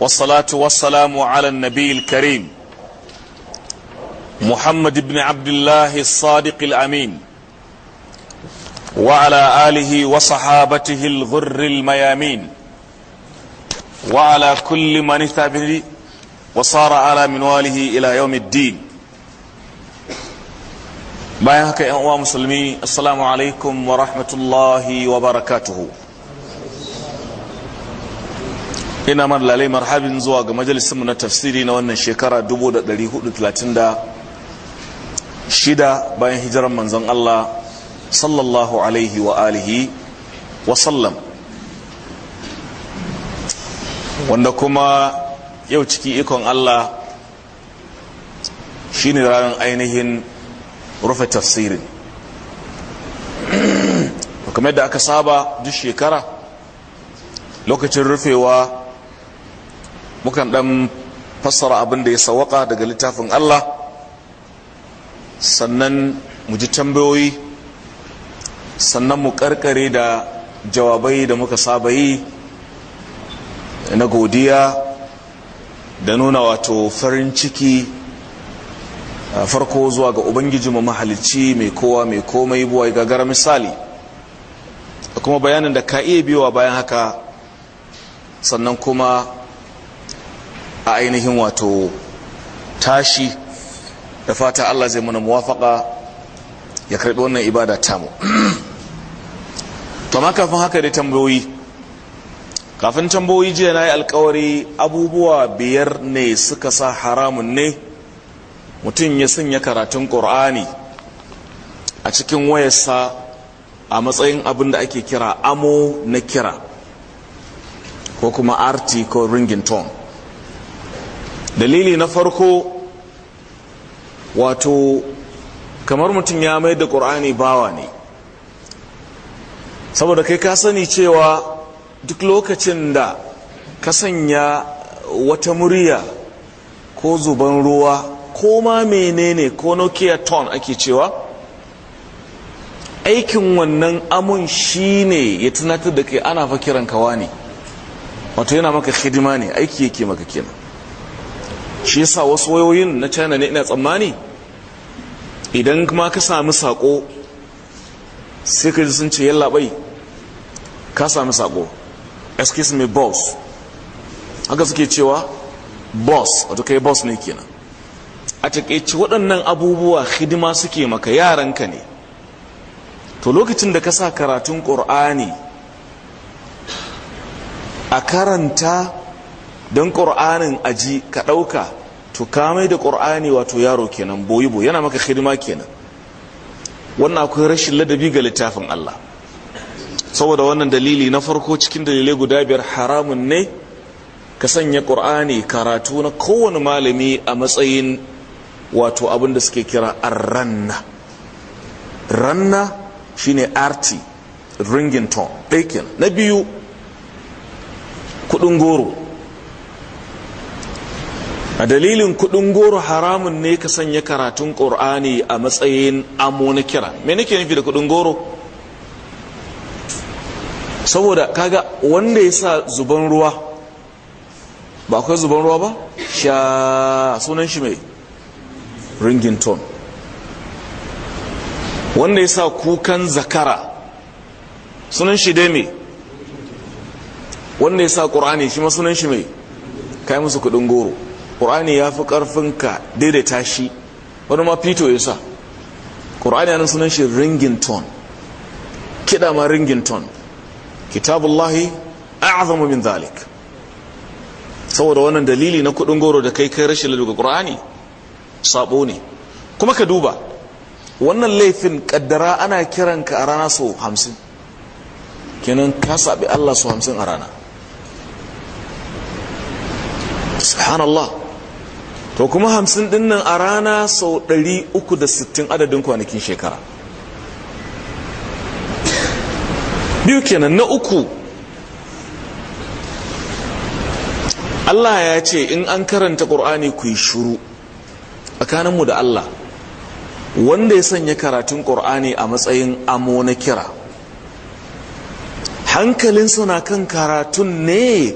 والصلاة والسلام على النبي الكريم محمد بن عبد الله الصادق الأمين وعلى آله وصحابته الغر الميامين وعلى كل من اتبعه وصار على منواله إلى يوم الدين bayan يا yan uwa السلام عليكم ورحمة الله وبركاته ina man lalai marhabin zuwa ga majalisinmu na tafsiri na wannan shekara 1436 bayan hijirar manzon Allah sallallahu alaihi wa alihi wa sallam wanda kuma yau ciki ikon Allah shine ranar ainihin rufe tafsirin kamar da aka saba duk shekara lokacin rufewa mukan ɗan fassara abin da ya sawaka daga littafin Allah sannan mu ji tambayoyi sannan mu ƙarƙare da jawabai da muka saba yi na godiya da nuna wato farin ciki farko zuwa ga ubangiji mu mahalicci mai kowa mai komai buwa gagara misali kuma bayanin da ka iya biyowa bayan haka sannan kuma a ainihin wato tashi da fata Allah zai muna muwafaka ya karbi wannan ibada tamu to ma kafin haka dai tambayoyi kafin tambayoyi jiya na yi alkawari abubuwa biyar ne suka sa haramun ne mutum ya sanya karatun ƙur'ani a cikin wayarsa a matsayin abin da ake kira amo na kira ko kuma arti ko ringing tone dalili na farko wato kamar mutum ya mai da ƙur'ani bawa ne saboda kai ka sani cewa duk lokacin da ka sanya wata murya ko zuban ruwa ko ma menene ko nokia ton ake cewa aikin wannan amun shi ne ya tunatar da kai ana fa kiran kawa ne wato yana maka hidima ne aiki yake maka kenan shi yasa wasu wayoyin na china ne ina tsammani idan ma ka sami sako sai ka ji sun ce yallaɓai ka sami sako excuse me boss haka suke cewa boss wato kai boss ne kenan a takaice waɗannan abubuwa hidima suke maka yaranka ne to lokacin da ka sa karatun ƙur'ani a karanta don ƙur'anin aji ka ɗauka to kamai da ƙur'ani wato yaro kenan boyi boyi yana maka hidima kenan wannan akwai rashin ladabi ga littafin Allah saboda wannan dalili na farko cikin dalilai guda biyar haramun ne ka sanya ƙur'ani karatu na kowane malami a matsayin wato abin da suke kira arranna ranna shine arti ringington bacon na biyu kudin goro a dalilin kudin goro haramun ne ka sanya karatun ƙorani a matsayin amo na kira me nake nufi da kudin goro saboda kaga wanda ya sa zuban ruwa ba akwai zuban ruwa ba sha sunan shi mai ringin tone wanda ya sa kukan zakara sunan shi dai mai wanda ya sa ƙorani shi ma sunan shi mai kai musu kudin goro ƙur'ani ya fi ƙarfinka daidaita shi wani ma fito ya sa ƙur'ani yana sunan shi ringington kiɗa ma ringington kitabullahi azama min zalik saboda wannan dalili na kuɗin goro da kai kai rashin daga ƙur'ani sabo ne kuma ka duba wannan laifin ƙaddara ana kiranka a rana sau hamsin kenan ka saɓi allah sau hamsin a rana subhanallah to kuma hamsin din a rana sau ɗari uku da sittin adadin kwanakin shekara biyu kenan na uku Allah ya ce in an karanta ƙur'ani ku yi shuru tsakaninmu da Allah wanda ya sanya karatun ƙur'ani a matsayin amo na kira hankalinsa na kan karatun ne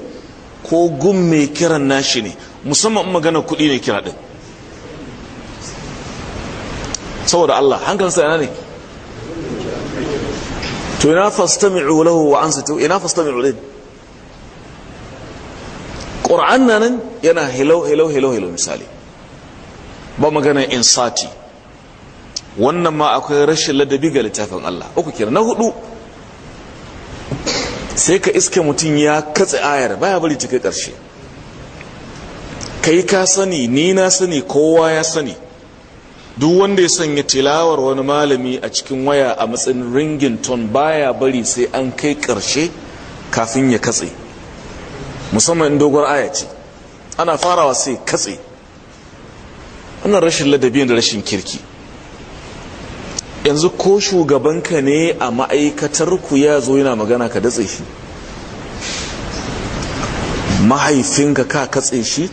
ko gun mai kiran nashi ne musamman magana kuɗi ne kira ɗin saboda Allah hankalinsa yana ne to ina fastami'u lahu wa ansitu ina fastami'u lahu Qur'an nan yana hilau hilau hilau hilau misali ba magana insati wannan ma akwai rashin ladabi ga littafin Allah uku kira na hudu sai ka iske mutum ya katse ayar baya bari ta kai ƙarshe kai ka sani ni na sani kowa ya sani duk wanda ya sanya tilawar wani malami a cikin waya a matsayin ringin ton baya bari sai an kai karshe kafin ya katse musamman in dogon aya ce ana farawa sai katse wannan rashin ladabi da rashin kirki yanzu ko shugabanka ne a ma'aikatar ku ya zo yana magana ka datse shi mahaifinka ka katse shi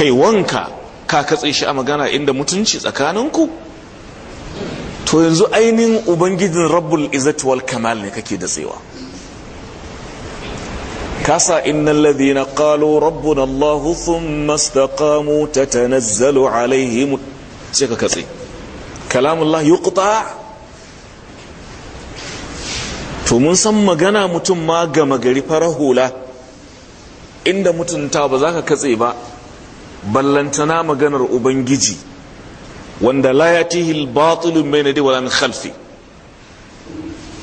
kai wanka ka katse shi a magana inda mutunci tsakaninku to yanzu ainihin ubangijin rabbul izzati wal kamal ne kake da tsewa kasa innal ladhina qalu rabbuna allah thumma istaqamu tatanazzalu alaihim sai ka katse kalamullah yuqta to mun san magana mutum ma gama gari farar hula inda mutunta ba za ka katse ba ballantana maganar ubangiji wanda la ya tihi batulun min na wala min khalfi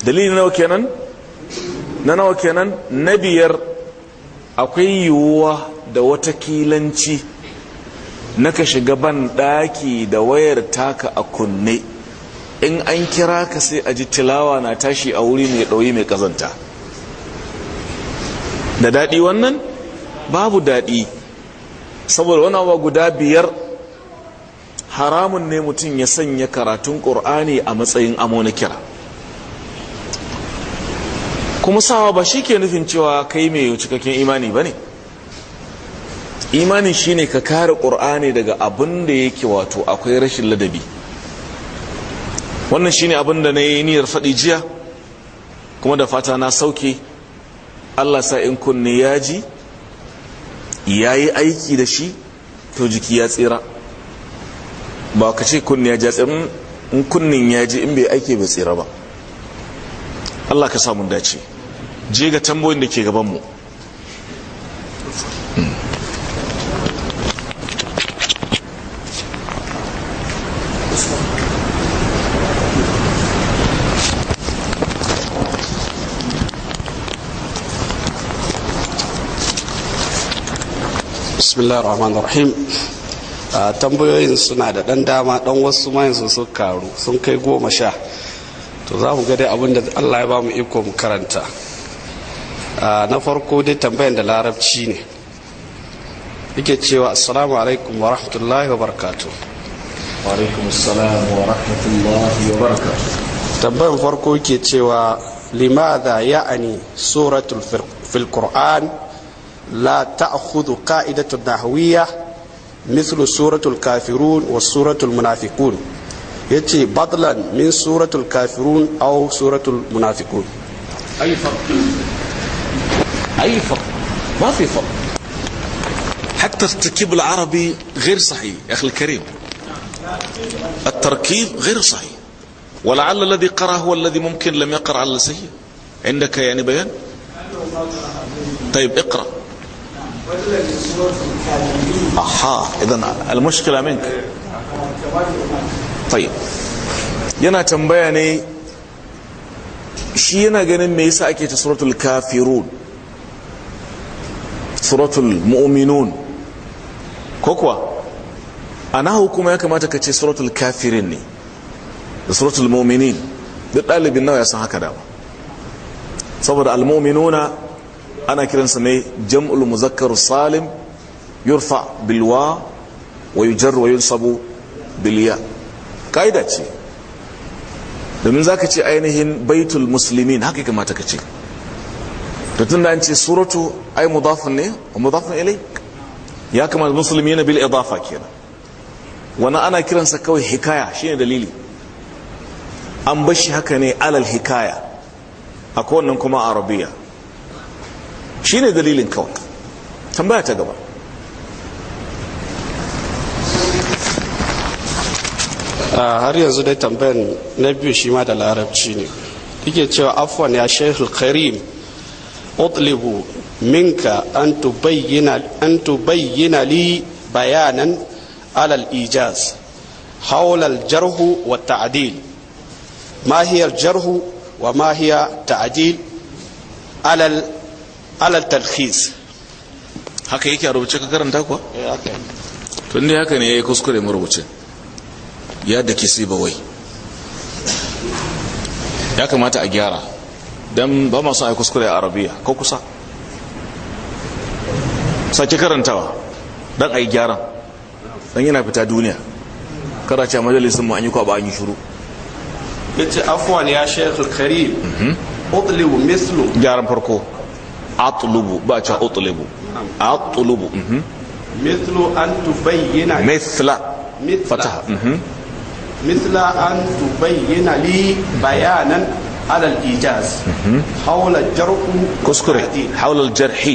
dalilin nawa kenan na nawa kenan na biyar akwai yiwuwa da wata kilanci na ka shiga ban daki da wayar taka a kunne in an kira ka sai a ji tilawa na tashi a wuri mai ɗauyi mai ƙazanta da daɗi wannan babu daɗi saboda wani abuwa guda biyar haramun ne mutum ya sanya karatun ƙur'ani a matsayin amo kira kuma sawa ba shi ke nufin cewa kai mai cikakken imani ba ne imanin shi ne ka kare ƙur'ani daga abin da yake wato akwai rashin ladabi wannan shi ne abin da na yi niyyar faɗi jiya kuma da fata na sauke allah sa in kunne ya ji ya yi aiki da shi to jiki ya tsira ba ka ce kunni ya ja tsira in kunnin ya ji in bai aiki bai tsira ba Allah ka samun dace je ga tambayoyin da ke gabanmu mu bismillah rahman rahim tambayoyin suna da dan dama dan wasu mayansu yanzu sun karu sun kai goma sha to za mu ga dai allah ya ba mu iko mu karanta na farko dai tambayan da larabci ne yake cewa assalamu alaikum wa rahmatullahi wa barakatu wa alaikum assalamu wa rahmatullahi wa barakatu tambayan farko yake cewa limada ya'ani suratul fil qur'an لا تأخذ قاعدة النحوية مثل سورة الكافرون وسورة المنافقون يتي بدلا من سورة الكافرون أو سورة المنافقون أي فرق أي فرق ما في فرق حتى التركيب العربي غير صحيح يا أخي الكريم التركيب غير صحيح ولعل الذي قرأ هو الذي ممكن لم يقرأ على سيء عندك يعني بيان طيب اقرأ yana tambaya ne shi yana ganin me yasa ake ta suratul kafirun suratul mu'minun ko kuwa ana hukuma ya kamata ka ce suratul kafirin ne da suratul mu'minin duk ɗalibin nawa ya san haka dama saboda al-mu'minuna ana kiransa ne jam'ul muzakkar salim yurfa bilwa wa yujar wa yunsabu biliya ka'ida ce domin za ka ce ainihin baitul musulmin haka kamata ka ce da tun da an ce suratu ai mudafin ne wa mudafin ilai ya kamata musulmi na bil idafa kenan wani ana kiransa kawai hikaya shine dalili an bashi haka ne alal hikaya a kowannan kuma arabiya shine dalilin kawai tambaya ta gaba ah, har yanzu dai tambayan na biyu shi ma da larabci ne yake cewa afwan ya shehul karim utlibu minka an tubayyana li bayanan alal ijaz haulal jarhu wa ta'adil mahiyar jarhu wa mahiya ta'adil alal alal talhis haka yake a rubuce ka karanta kuwa eh, tun da haka ne ya yi kuskure marubucin ya da kisi bawai ya kamata a gyara don ba masu a kuskure a arabiya ko kusa sake karantawa don a yi gyaran don yana fita duniya karace majalisun mu an yi kwaba an yi shuru ya ce afuwan ya shekul karim mhm. utlibu mislu gyaran farko اطلب بقى اطلب نعم. اطلب مثل ان تبين مثل فتح مثل ان تبين لي بيانا على الايجاز حول الجرح كسكري حول الجرح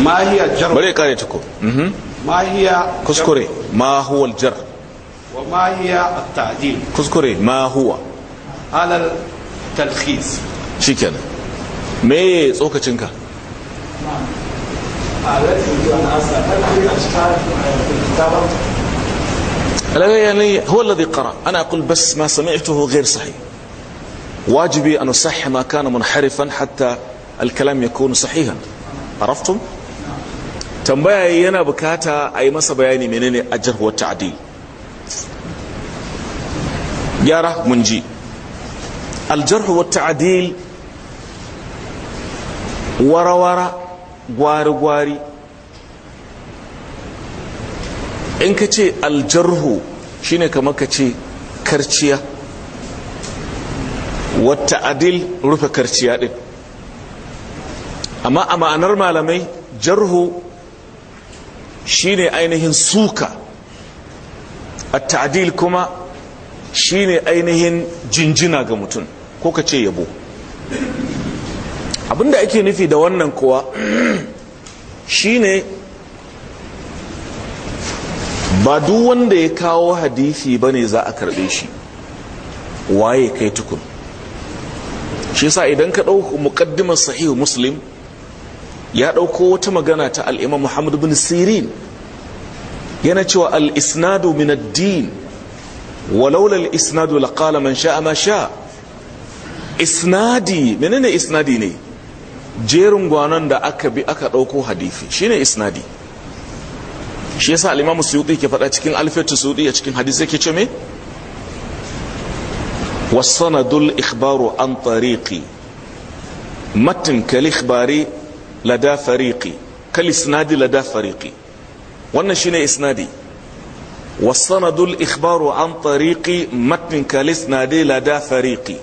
ما هي الجرح بريك قريتكم ما هي كسكري ما هو الجرح وما هي التعديل كسكري ما هو على talkhis shikenan me tsokacin ka tsokacinka يعني huwa alladhi qara ana aqul bas ma sami'tuhu غير sahih wajibi an usahhi ma kana munharifan hatta alkalam يكون sahihan araftum tambaya yana bukata a masa bayani menene ajr wa ta'dil yara munji Aljarhu والتعديل ورا ورا غوار غواري in ka ce aljarhu shine kamar ka ce karciya wata rufe karciya ɗin. amma a ma'anar malamai jarhu shine ainihin suka a ta'adil kuma shine ainihin jinjina ga mutum ko ka ce yabo abinda ake nufi da wannan kuwa shine ba duk wanda ya kawo hadisi ne za a karbe shi waye kai tukun shi sa idan ka ɗauko muƙaddimar sahihu muslim ya ɗauko wata magana ta al'imam muhammad bin sirin yana cewa al-isnadu min ad-din walaula al-isnadu laqala man sha'a ma sha'a isnadi menene isnadi ne jerin gwanon da aka bi aka ɗauko hadithi shine isnadi shi yasa al-imamu suyuti ke faɗa cikin alfetu suyuti a cikin hadisi yake ce me wasanadul ikhbaru an tariqi matin kal ikhbari lada fariqi kal isnadi lada fariqi wannan shine isnadi wasanadul ikhbaru an tariqi matin kal isnadi lada fariqi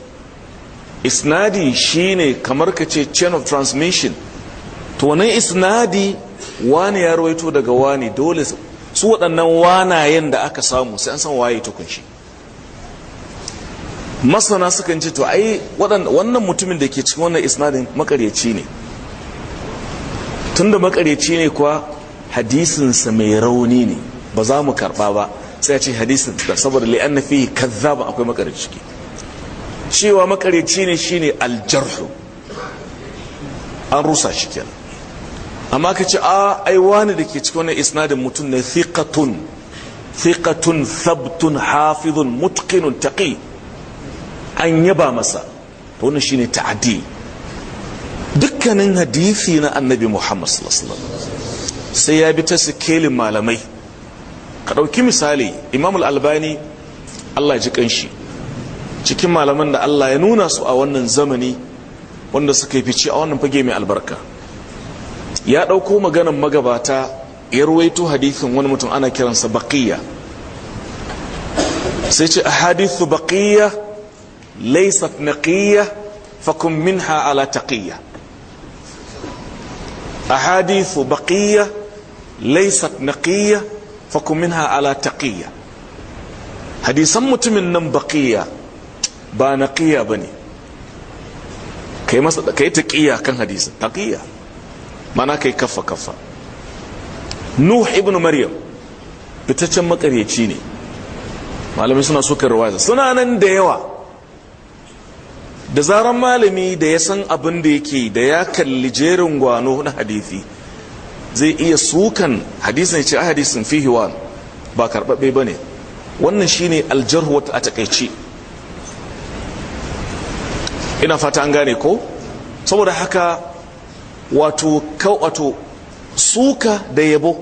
isnadi shine kamar ka ce chain of transmission to wannan isnadi wani ya rawaito daga wani dole su waɗannan wanayen da aka samu sai an san waye shi masana sukan ce to ai wannan mutumin da ke cikin wannan isnadin makaryaci ne tunda makaryaci ne kuwa hadisinsa mai rauni ne ba za mu karba ba sai a ce hadisin saboda li'anna fihi kazzaba akwai makaryaci cewa makareci ne shine aljarhu an rusa shi kenan amma ka ce a ai wani da ke cikin wannan isnadin mutum ne thiqatun thiqatun thabtun hafizun mutqinun taqi an yaba masa to wannan shine ta'adi dukkanin hadisi na annabi Muhammad sallallahu alaihi wasallam sai ya bi ta sikelin malamai ka dauki misali imamul albani Allah ya ji kanshi cikin malaman da Allah ya nuna su a wannan zamani wanda suka yi fice a wannan fage mai albarka ya ɗauko maganan magabata ya ruwaito hadithin wani mutum ana kiransa baƙiya sai ce a hadithu baƙiya laisat naƙiya fakun minha ala taƙiya a hadithu minha ala hadisan mutumin nan baƙiya ba na ne ka kai masa kai ƙiya kan Ta taqiya mana kai kafa kafa. nuh ibn maryam fitaccen makaryaci ne malamai suna suka riwaya suna nan da yawa da zaran malami da ya san abin da yake da ya kalli jerin gwano na hadithi zai iya sukan hadisin ce a hadisin fihiwan ba karɓaɓɓe ba ne wannan shine aljarhu wata a takaici ina fata an gane ko saboda haka wato wato suka da yabo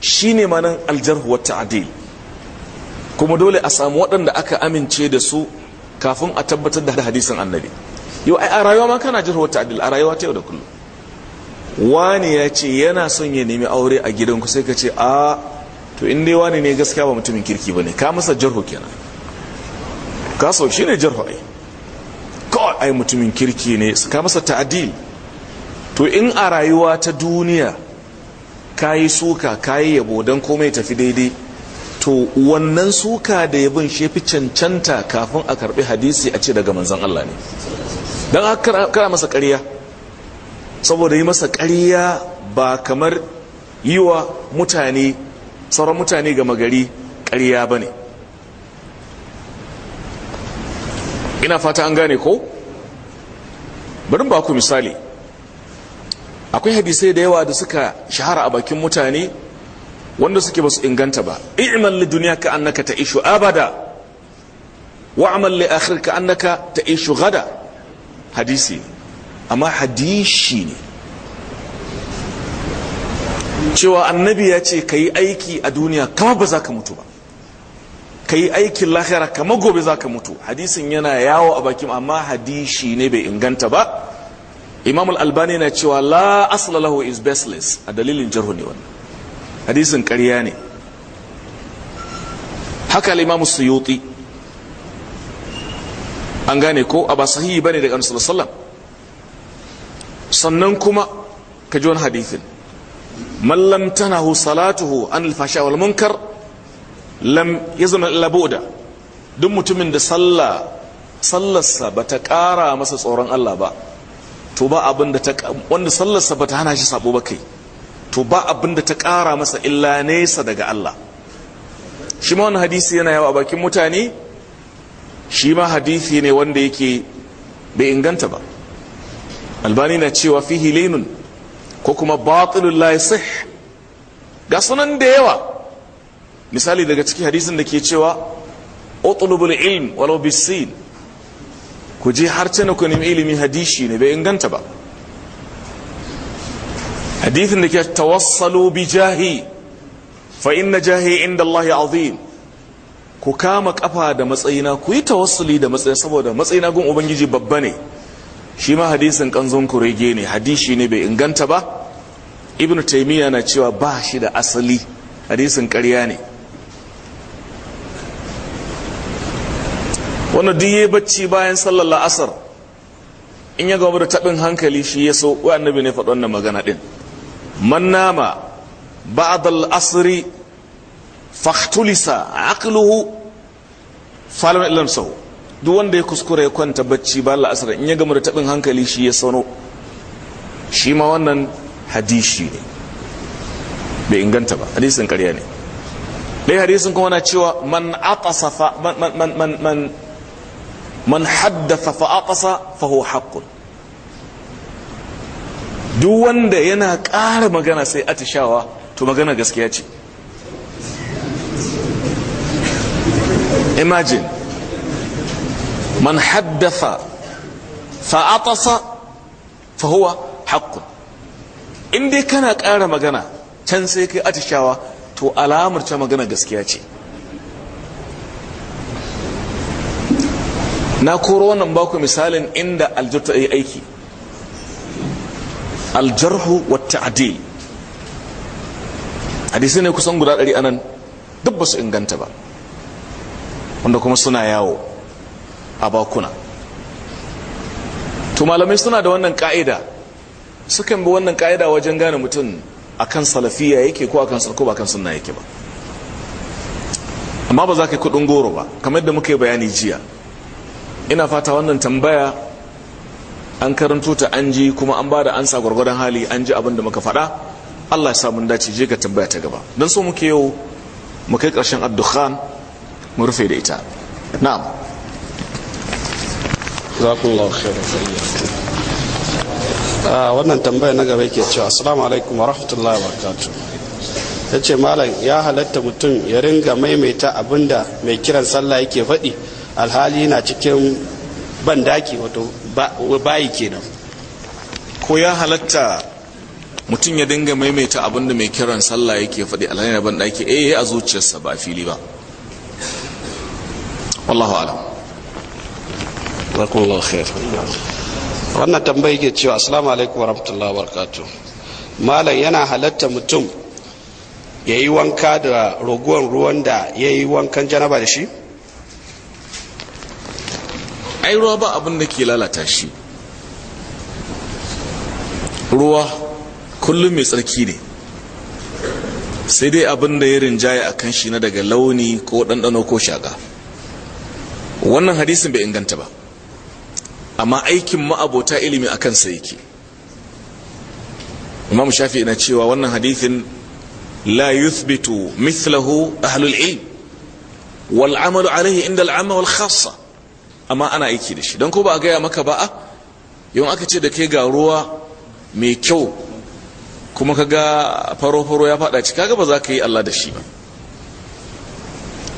shine manan aljarhu wa ta'dil kuma dole a samu waɗanda aka amince da su kafin a tabbatar da hadisin annabi yau a rayuwa ma kana jarhu wa ta'dil a rayuwa ta yau da kullum wani ya ce yana son ya nemi aure a gidanku sai ka ce a to in dai wani ne gaskiya ba mutumin kirki ba ne ka masa jarho kenan ka shine shi ne jarho ai kawai ai mutumin kirki ne suka masa ta'adil to in a rayuwa ta duniya ka yi suka kayi yabo don komai tafi daidai to wannan suka da yabon shi fi cancanta kafin a karbi hadisi a ce daga manzan Allah ne don haka kara masa ƙarya saboda yi masa ƙarya ba kamar yi wa mutane sauran mutane gama gari ƙarya ba ne ina fata an gane ko bari ba ku misali akwai hadisai da yawa da suka shahara a bakin mutane wanda suke ba su inganta ba i'mal li duniya ka annaka ta'ishu abada wa'mal li akhir ka annaka ta'ishu gada hadisi amma hadishi ne cewa annabi ya ce ka yi aiki a duniya kama ba za ka mutu ba ka yi aikin lahira kama gobe za ka mutu hadisin yana yawo a bakin amma hadishi ne bai inganta ba imam al-albani na cewa la asala lahu is baseless a dalilin jarhu ne wannan hadisin ƙarya ne haka al-imam suyuti an gane ko a ba sahihi bane daga annabi sallallahu sannan kuma ka ji wani hadisin man lam tanahu salatuhu an al-fasha wal munkar lam illa buda duk mutumin da sallah sallarsa bata ƙara masa tsoron Allah ba to ba abin da ta wanda sallarsa bata hana shi sabo ba kai to ba abin da ta ƙara masa illa nesa daga Allah shi ma wani hadisi yana yawa bakin mutane shi ma hadisi ne wanda yake bai inganta ba albani na cewa fihi lainun ko kuma batilun la yasih ga sunan da yawa misali daga ciki hadisin da ke cewa utlubul ilm walau bisin ku je har tana ku nemi ilimi hadishi ne bai inganta ba hadisin da ke tawassalu bi jahi fa inna jahi inda Allah azim ku kama kafa da matsayina ku yi tawassuli da matsayi saboda matsayina gun ubangiji babba ne shi ma hadisin kanzon kurege ne hadishi ne bai inganta ba ibnu taymiya na cewa ba shi da asali hadisin ƙarya ne wanda duk yayi bacci bayan sallar la'asar in ya gaba da taɓin hankali shi ya so wa annabi ne faɗi wannan magana ɗin man nama ba'd al-asri fahtulisa aqluhu falam illam saw duk wanda ya kuskura ya kwanta bacci bayan la'asar in ya gama da taɓin hankali shi ya sano shi ma wannan hadishi ne bai inganta ba hadisin karya ne dai hadisin kuma na cewa man man man man man man haddasa fa aqasa fa huwa haqqun duk wanda yana ƙara magana sai atishawa to magana gaskiya ce imagine man haddasa fa atasa fa huwa haqqun in dai kana ƙara magana can sai kai atishawa to alamar ta magana gaskiya ce na koro wannan baku misalin inda aljarta ya aiki aljarhu wata adil hadisi ne kusan guda ɗari anan duk ba su inganta ba wanda kuma suna yawo a bakuna to malamai suna da wannan ka'ida sukan bi wannan ka'ida wajen gane mutum akan salafiya yake ko akan sarko ba kan suna yake ba amma ba za ka yi kudin goro ba kamar da muka yi bayani jiya ina fata wannan tambaya an karanto ta an ji kuma an ba da ansa gwargwadon hali an ji abin da muka faɗa Allah ya samu dace je ka tambaya ta gaba don so muke yau mu kai ƙarshen addukhan mu rufe da ita na'am zakullahu khairan ah, wannan tambaya na gaba yake cewa assalamu alaikum wa rahmatullahi wa ya ce malam ya halatta mutum ya ringa maimaita abinda mai kiran sallah yake faɗi alhali na cikin bandaki wato bayi kenan ko ya halatta mutum ya dinga maimaita abinda mai kiran sallah yake faɗi alhali na bandaki eh a zuciyarsa ba fili ba wallahu alam barakallahu khair wannan tambayi ke cewa assalamu alaikum warahmatullahi wabarakatuh malam yana halatta mutum ya yi wanka da roguwan ruwan da ya yi wankan janaba da shi ai ruwa ba abin da ke lalata shi ruwa kullum mai tsarki ne sai dai abin da ya rinjaye a kan shi na daga launi ko ɗanɗano ko shaga wannan hadisin bai inganta ba amma aikin ma'abota ilimi a kansa yake imam shafi na cewa wannan hadisin la yuthbitu mithlahu ahlul ilm wal amalu alaihi inda al'amma wal khassa amma ana aiki da shi don ko ba a gaya maka ba a yawan aka ce da kai ga ruwa mai kyau kuma ka ga faro-faro ya fada ci kaga ba za ka yi Allah da shi ba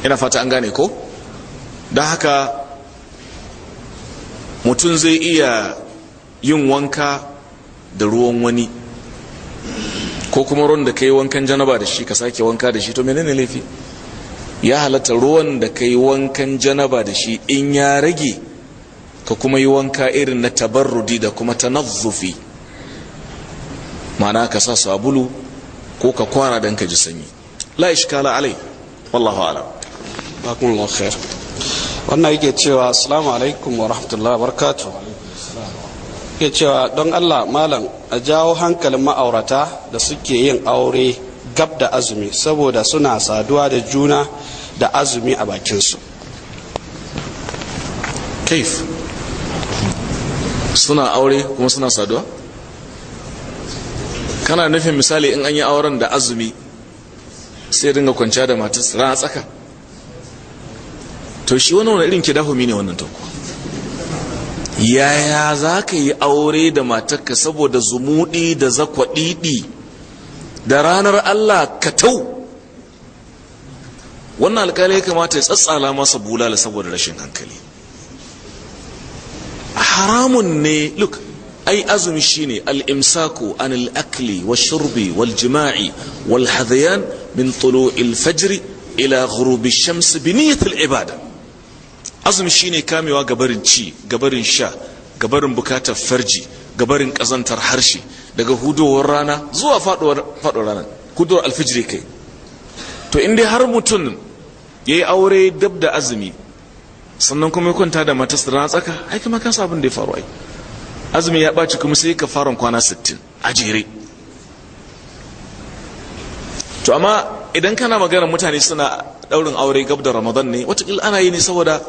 ina fata an gane ko don haka mutum zai iya yin wanka da ruwan wani ko kuma ruwan da ka yi wankan janaba da shi ka sake wanka da shi to menene laifi ya halatta ruwan da ka yi wankan janaba da shi in ya rage ka kuma yi wanka irin na tabarrudi da kuma ta tanazzufi ma'ana ka sa sabulu ko ka kwana don ka ji sanyi la ishkala alai wallahu ala bakumullahu khair wannan yake cewa assalamu alaikum wa rahmatullahi wa barakatuh yake cewa don Allah malam a jawo hankalin ma'aurata da suke yin aure gab da azumi saboda suna saduwa da juna da azumi a bakinsu kaif suna aure kuma suna saduwa kana nufin misali in an yi auren da azumi sai dinga kwanciya da matarsa rana tsaka to shi wani wani irin kidahumi ne wannan toko yaya za ka yi aure da matarka saboda zumuɗi da zakwaɗiɗi da ranar Allah ka tau wannan alƙali ya kamata ya tsatsala masa bulala saboda rashin hankali haramun ne look ai azumi shine al-imsaku an al-akli wa shurbi wal jima'i wal hadyan min tulu'il fajr ila ghurubi shams bi niyyat al-ibada azumi shine kamewa gabarin ci gabarin sha gabarin bukatar farji gabarin kazantar harshe daga hudowar rana zuwa faduwar rana hudowar alfijiri kai to inda har mutum ya yi aure dab da azumi sannan kuma ya kwanta da matas da rana tsaka ai kuma sabon abin da ya faru ai azumi ya ɓaci kuma sai ka fara kwana 60 a jere to amma idan kana magana mutane suna ɗaurin aure gab da ramadan ne watakila ana yi ne saboda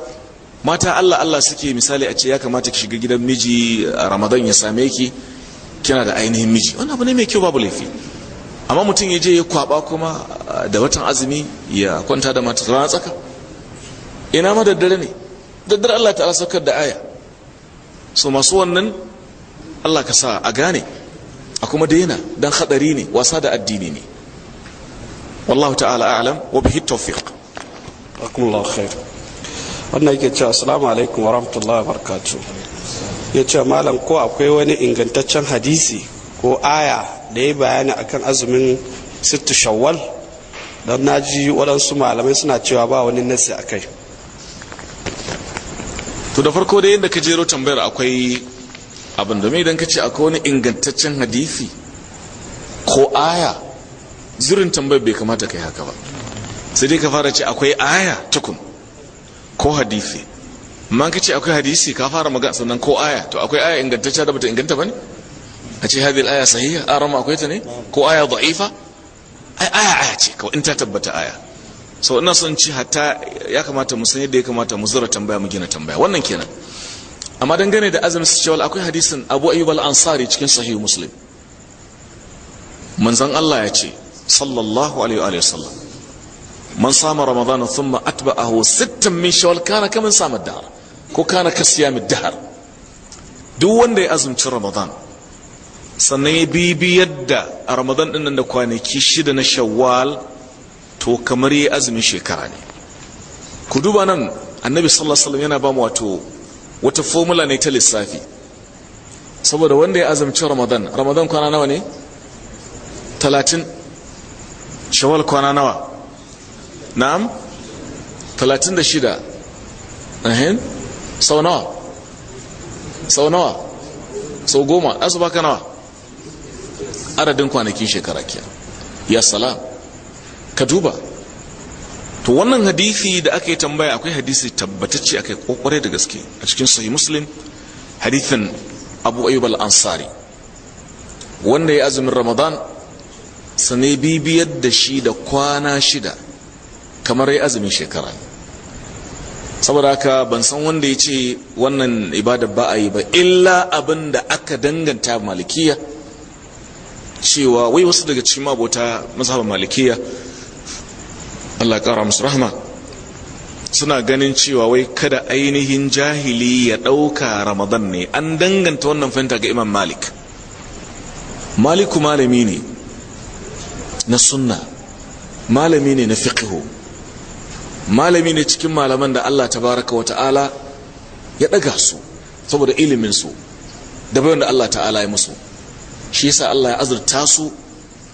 mata allah allah suke misali a ce ya kamata ki shiga gidan miji a ramadan ya same ki kina da ainihin miji wannan abu ne mai kyau babu laifi amma mutum ya je ya kwaba kuma da watan azumi ya kwanta da matar rana tsaka ina ma daddare ne daddare Allah ta'ala saukar da aya so masu wannan Allah ka sa a gane a kuma daina dan hadari ne wasa da addini ne wallahu ta'ala a'lam wa bihi tawfiq akumullahu khair wannan yake cewa assalamu alaikum wa rahmatullahi wa barakatuh ya ce malam ko akwai wani ingantaccen hadisi ko aya da ya bayani akan azumin sittu shawwal don na ji waɗansu malamai suna cewa ba wani nasi a kai to da farko da yadda ka jero tambayar akwai abin da mai don ka ce akwai wani ingantaccen hadisi ko aya zurin tambayar bai kamata kai haka ba sai dai ka fara ce akwai aya tukun ko hadisi man ka ce akwai hadisi ka fara magana sannan ko aya to akwai aya ingantacce da bata inganta bane a ce hadhihi aya sahiha a rama akwai ta ne ko aya da'ifa ai aya aya ce kawai in ta tabbata aya so ina son ci hatta ya kamata mu san yadda ya kamata mu zura tambaya mu gina tambaya wannan kenan amma dangane da azumin cewa akwai hadisin Abu Ayyub al-Ansari cikin sahih Muslim manzon Allah ya ce sallallahu alaihi wa sallam man sama ramadana thumma atba'ahu sittan min shawwal kana kaman sama dar ko kana ka siyami dahar duk wanda ya azumci ramadan sannan ya bibiyar da a ramadan ɗin da kwanaki shida na shawwal to kamar ya azumin shekara ne ku duba nan annabi sallallahu alaihi yana ba mu wato wata formula ne ta lissafi saboda wanda ya azumci ramadan ramadan kwana nawa ne talatin shawwal kwana nawa na'am talatin da shida sau nawa sau nawa sau goma ɗansu baka nawa adadin kwanakin shekara kiya ya salam ka duba to wannan hadithi da aka yi tambaya akwai hadisi tabbatacce aka yi kokware da gaske a cikin sahih muslim hadithin abu ayyub al-ansari wanda ya azumin ramadan sane bibiyar da shi da kwana shida kamar ya azumin shekara ne saboda haka ban san wanda ya ce wannan ibada ba a yi ba illa abin da aka danganta malikiya cewa wai wasu daga cikin mabota mazhabar malikiya Allah kara musu rahma suna ganin cewa wai kada ainihin jahili ya ɗauka ramadan ne an danganta wannan fahimta ga imam malik maliku malami ne na sunna malami ne na fiqhu malami ne cikin malaman da Allah Ta baraka wa ta'ala ya ɗaga su saboda iliminsu da bayan da Allah ta'ala ya musu shi yasa Allah ya azurta su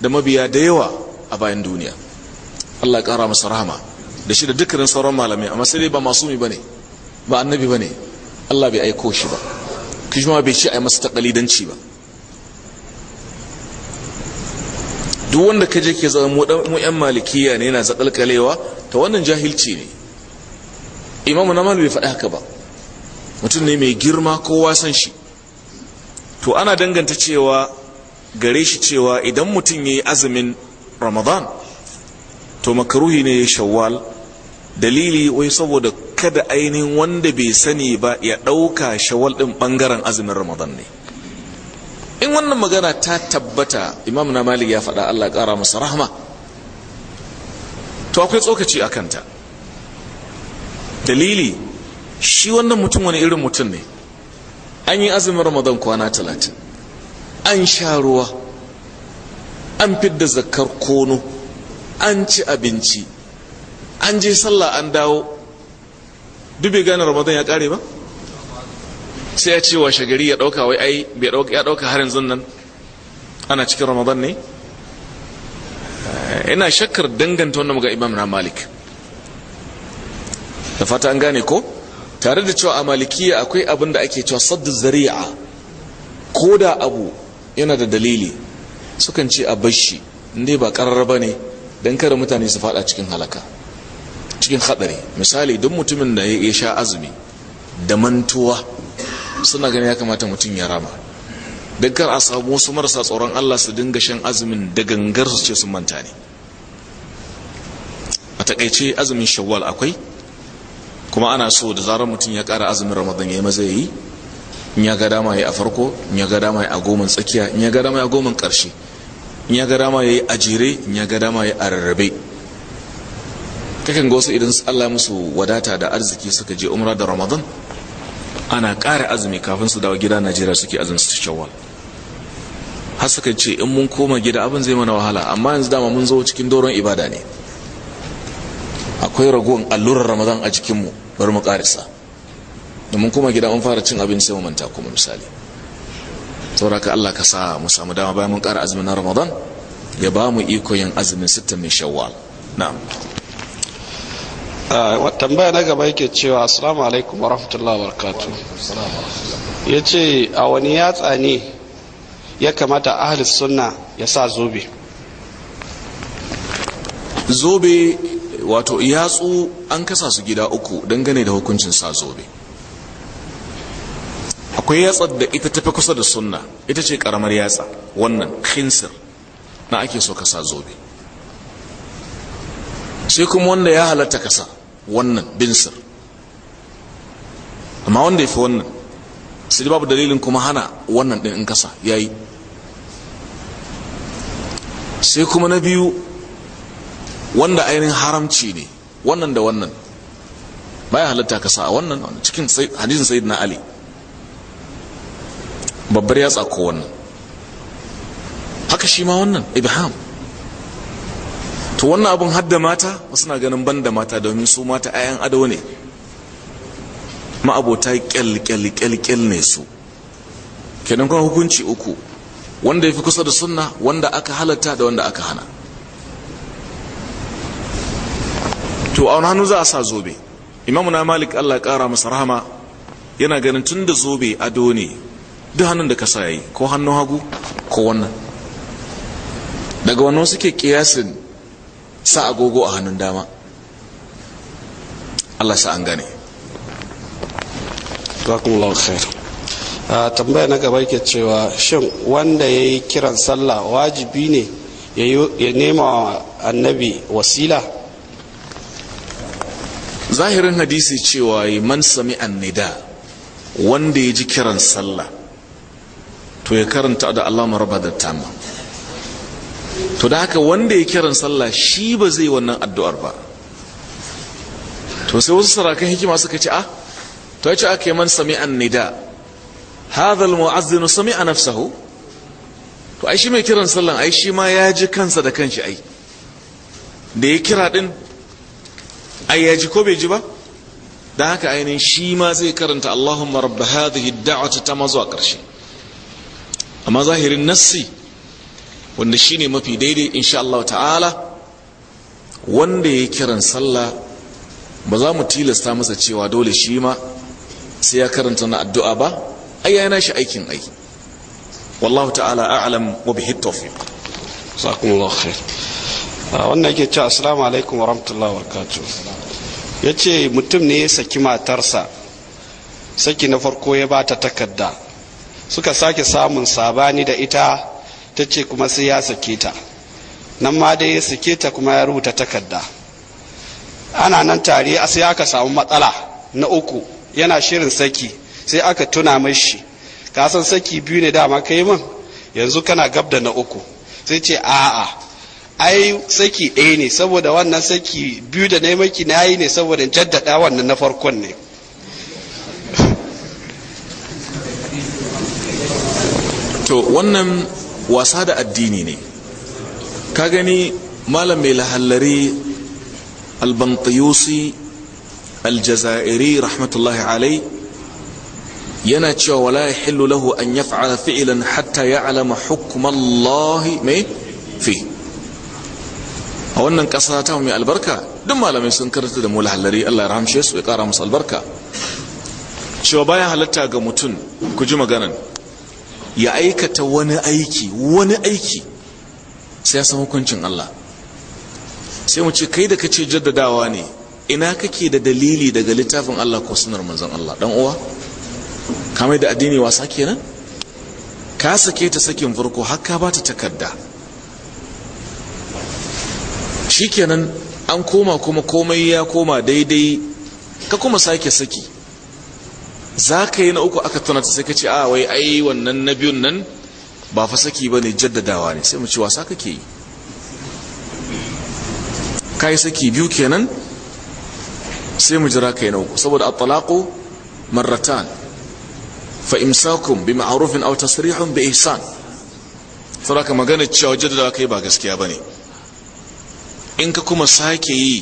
da mabiya da yawa a bayan duniya Allah ya ƙara masa rahama da shi da dukkanin sauran malamai amma sai dai ba masu bane ba annabi bane Allah bai aiko shi ba kuma bai ci a masa takalidanci ba duk wanda kaje ke zama mu yan malikiya ne yana zakalkalewa to wannan jahilci ne imamu na malu bai faɗi haka ba mutum ne mai girma kowa san shi to ana danganta cewa gare shi cewa idan mutum ya yi azumin ramadan to makaruhi ne ya shawwal dalili wai saboda kada ainihin wanda bai sani ba ya ɗauka shawal ɗin ɓangaren azumin ramadan ne in wannan magana ta tabbata imam na malik ya faɗa allah ƙara masa rahma to akwai tsokaci a kanta dalili shi wannan mutum wani irin mutum ne an yi azumin ramadan kwana talatin an sha ruwa an fidda zakar kono an ci abinci an je sallah an dawo dubi gane ramadan ya kare ba sai ya ce wa shagari ya dauka wai ai ya dauka har yanzu nan ana cikin ramadan ne Eh, ina shakkar danganta wannan ga imam na malik da fata an gane ko tare da cewa a malikiya akwai abin da ake cewa saddu zari'a ko da abu yana da dalili sukan ce a bashi inda ba karar ba ne don kada mutane su fada cikin halaka cikin hadari misali don mutumin da ya sha azumi da mantuwa suna gani ya kamata mutum ya rama don a samu wasu marasa tsoron Allah su dinga shan azumin da gangar su ce sun manta ne a takaice azumin shawwal akwai kuma ana so da zarar mutum ya kara azumin ramadan ya yi maza yi in ya ga dama ya a farko in ya ga dama ya a goman tsakiya in ya ga dama ya a goman karshe in ya ga dama ya yi a jere in ya ga dama ya a rarrabe kakan ga wasu idan Allah musu wadata da arziki suka je umra da ramadan ana ƙara azumi kafin su dawo gida najeriya suke azumin su shawwal har suka ce in mun koma gida abin zai mana wahala amma yanzu dama mun zo cikin doron ibada ne akwai ragowar allurar ramadan a cikinmu bari mu karisa da mun koma gida mun fara cin abin sai mu manta kuma misali saboda ka Allah ka sa mu samu dama bayan mun kara azumin na ramadan ya ba mu iko yin azumin sittin min shawwal na'am ah, tambaya na gaba yake cewa assalamu alaikum wa rahmatullahi wa barakatuh yace a wani yatsa ne ya kamata ahlus sunna ya sa zobe zobe wato yatsu an kasa su gida uku dangane da hukuncin sa zobe akwai yatsar da ita tafi kusa da sunna ita ce karamar yatsa wannan khinsir na ake so kasa zobe sai kuma wanda ya halatta kasa wannan binsir amma wanda ya fi wannan sai babu dalilin kuma hana wannan ɗin in kasa yayi sai kuma na biyu wanda ainihin haramci ne wannan da wannan baya halatta ka sa a wannan cikin hadisin sayyid na ali babbar yatsa ko wannan haka shi ma wannan ibham to wannan abun hadda mata wasu na ganin banda mata domin su mata ayan ado ne ma'abota kyal kyal kyal kyal ne su kenan kuma hukunci uku wanda ya fi kusa da sunna wanda aka halatta da wanda aka hana to a wani hannu za a sa zobe imamu na malik allah kara masa rahama yana ganin tun da zobe a ne duk hannun da ka sa yayi ko hannun hagu ko wannan daga wannan suke kiyasin sa agogo a hannun dama allah sa an gane khair. tambaya na gaba ke cewa shin wanda ya yi kiran sallah wajibi ne ya nema annabi wasila zahirin hadisi cewa man sami annida wanda ya ji kiran sallah to ya karanta da Allah raba da tama to da haka wanda ya kiran sallah shi ba zai wannan addu'ar ba to sai wasu sarakan hikima suka ce ah to ya ce aka yi man sami annida hadha almu'azzin sami'a nafsahu to ai shi mai kiran sallan ai shi ma ya ji kansa da kanshi ai da ya kira din ai ya ji ko bai ji ba Dan haka ainihin shi ma zai karanta Allahumma rabba hadhihi da'wati ta mazo a ƙarshe amma zahirin nassi wanda shine mafi daidai insha Allah ta'ala wanda ya kiran sallah ba za mu tilasta masa cewa dole shi ma sai ya karanta na addu'a ba ayya yana shi aikin aiki. wallahu ta'ala a'lam wa bihi tawfiq jazakumullahu khair ah, wannan yake cewa assalamu alaikum wa rahmatullahi wa barakatuh yace mutum ne ya saki matarsa saki na farko ya ba ta takarda suka sake samun sabani da ita ta ce kuma sai ya sake ta nan ma dai ya sake ta kuma ya rubuta takarda ana nan tare a sai aka samu matsala na uku yana shirin saki sai aka tuna mashi ka san saki biyu ne dama kai min yanzu kana gab da na uku sai ce a'a ai saki ɗaya ne saboda wannan saki biyu da na maki na yi ne saboda jaddada wannan na farkon ne to wannan wasa da addini ne ka gani malam mai lahallari albantayusi aljazairi rahmatullahi alai yana cewa wala hillu lahu an yaf'ala fi'lan hatta ya'lama hukm Allah mai fi a wannan kasa ta mai albarka duk malamai sun karanta da mu lahallari Allah ya rahamshe su ya kara musu albarka cewa bayan halatta ga mutum ku ji maganan ya aikata wani aiki wani aiki sai ya san hukuncin Allah sai mu ce kai da kace jaddadawa ne ina kake da dalili daga littafin Allah ko sunar manzon Allah dan uwa kamar da addini wasa kenan ka sake ta sakin farko har ka ba ta takarda shikenan an koma kuma komai ya koma daidai ka kuma sake saki za ka yi na uku aka tunata sai ka ce a wai ai wannan na biyun nan ba fa saki ba ne jaddadawa ne sai mu ci wasa kake yi ka yi saki biyu kenan sai mu jira ka yi na uku saboda a talaku marratan فإمساكم بمعروف أو تصريح بإحسان ka magana cewa jaddada kai ba gaskiya ne. in ka kuma sake yi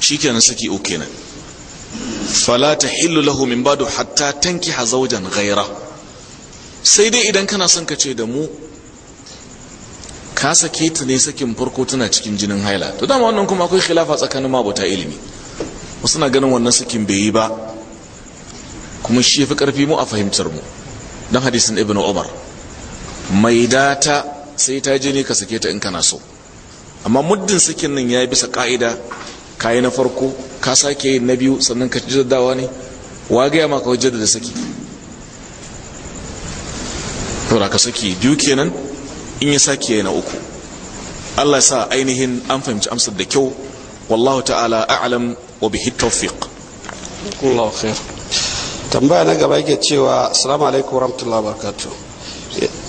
shikenan saki uku nan. fala tahillu lahu min badu hatta tanki hazaujan gaira. sai dai idan kana son ka ce da mu ka sake ta ne sakin farko tana cikin jinin haila to dama wannan kuma akwai khilafa tsakanin mabuta ilimi wasu na ganin wannan sakin bai yi ba kuma shi fi karfi mu a fahimtar mu dan hadisin ibnu umar mai data sai ta je ne ka sake ta in kana so amma muddin sakin nan ya bisa ka'ida yi na farko ka sake yin na biyu sannan ka jaddawa ne wa gaya ma ka da saki to da ka saki biyu kenan in ya sake yana uku Allah sa ainihin an fahimci amsar da kyau wallahu ta'ala a'lam wa bihi tawfiq kullahu khair tambaya na gaba yake cewa assalamu alaikum warahmatullahi wabarakatuh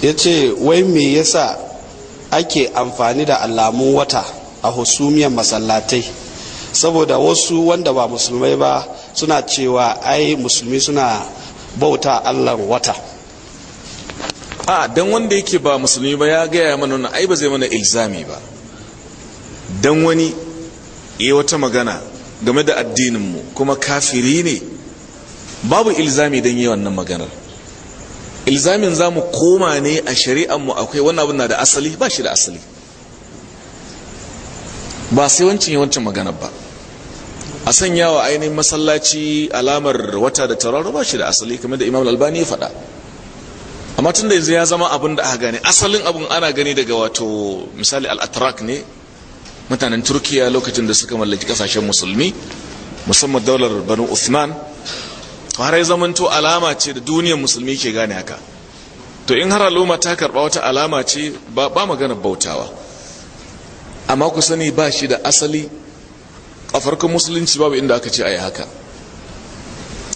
ya ce wai me yasa ake amfani da alamun wata a husumiyar masallatai saboda wasu wanda ba musulmai ba suna cewa ai musulmi suna bauta allah wata a dan wanda yake ba musulmi ba ya gaya mana wannan ai ba zai mana ilzami ba dan wani ya wata magana game da addininmu kuma kafiri ne babu ilzami don yi wannan maganar ilzamin za mu koma ne a shari'anmu akwai wannan abin na da asali ba shi da asali ba sai wancan yawancin maganar ba a sanya wa ainihin masallaci alamar wata da tauraro ba shi da asali kamar da imam albani ya faɗa amma tun da yanzu ya zama abin da aka gane asalin abin ana gani daga wato misali al al'atrak ne mutanen turkiya lokacin da suka mallaki kasashen musulmi musamman daular banu uthman to har ya zamanto alama ce da duniyar musulmi ke gane haka to in har al'umma ta karba wata alama ce ba ba magana bautawa amma ku sani ba shi da asali a farkon musulunci babu inda aka ce ayi haka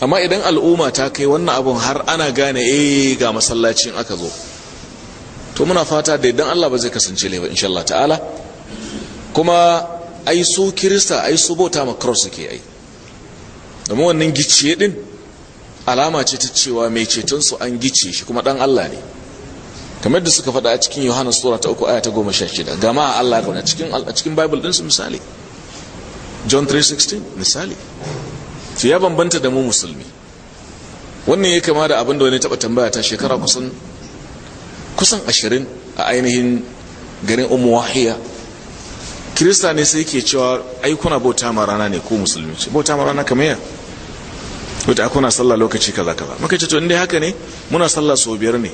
amma idan al'umma ta kai wannan abun har ana gane e ga masallacin aka zo to muna fata da idan Allah ba zai kasance laifa insha Allah ta'ala kuma ai su kirista ai su bauta ma cross suke ai domin wannan gicciye din alama ce ta cewa mai su an gice shi kuma dan Allah ne kamar da suka faɗa a cikin yohana sura ta uku aya ta goma sha shida gama Allah ya kauna cikin cikin bible su misali john 3:16 misali to ya bambanta da mu musulmi wannan ya kama da abin da wani taɓa tambaya ta shekara kusan kusan ashirin a ainihin garin ummu wahiya kirista ne sai ke cewa ai kuna bauta ma rana ne ko musulmi bauta ma rana kamar yadda wata kuna sallah lokaci kaza kaza muka ce to inda haka ne muna sallah sau biyar ne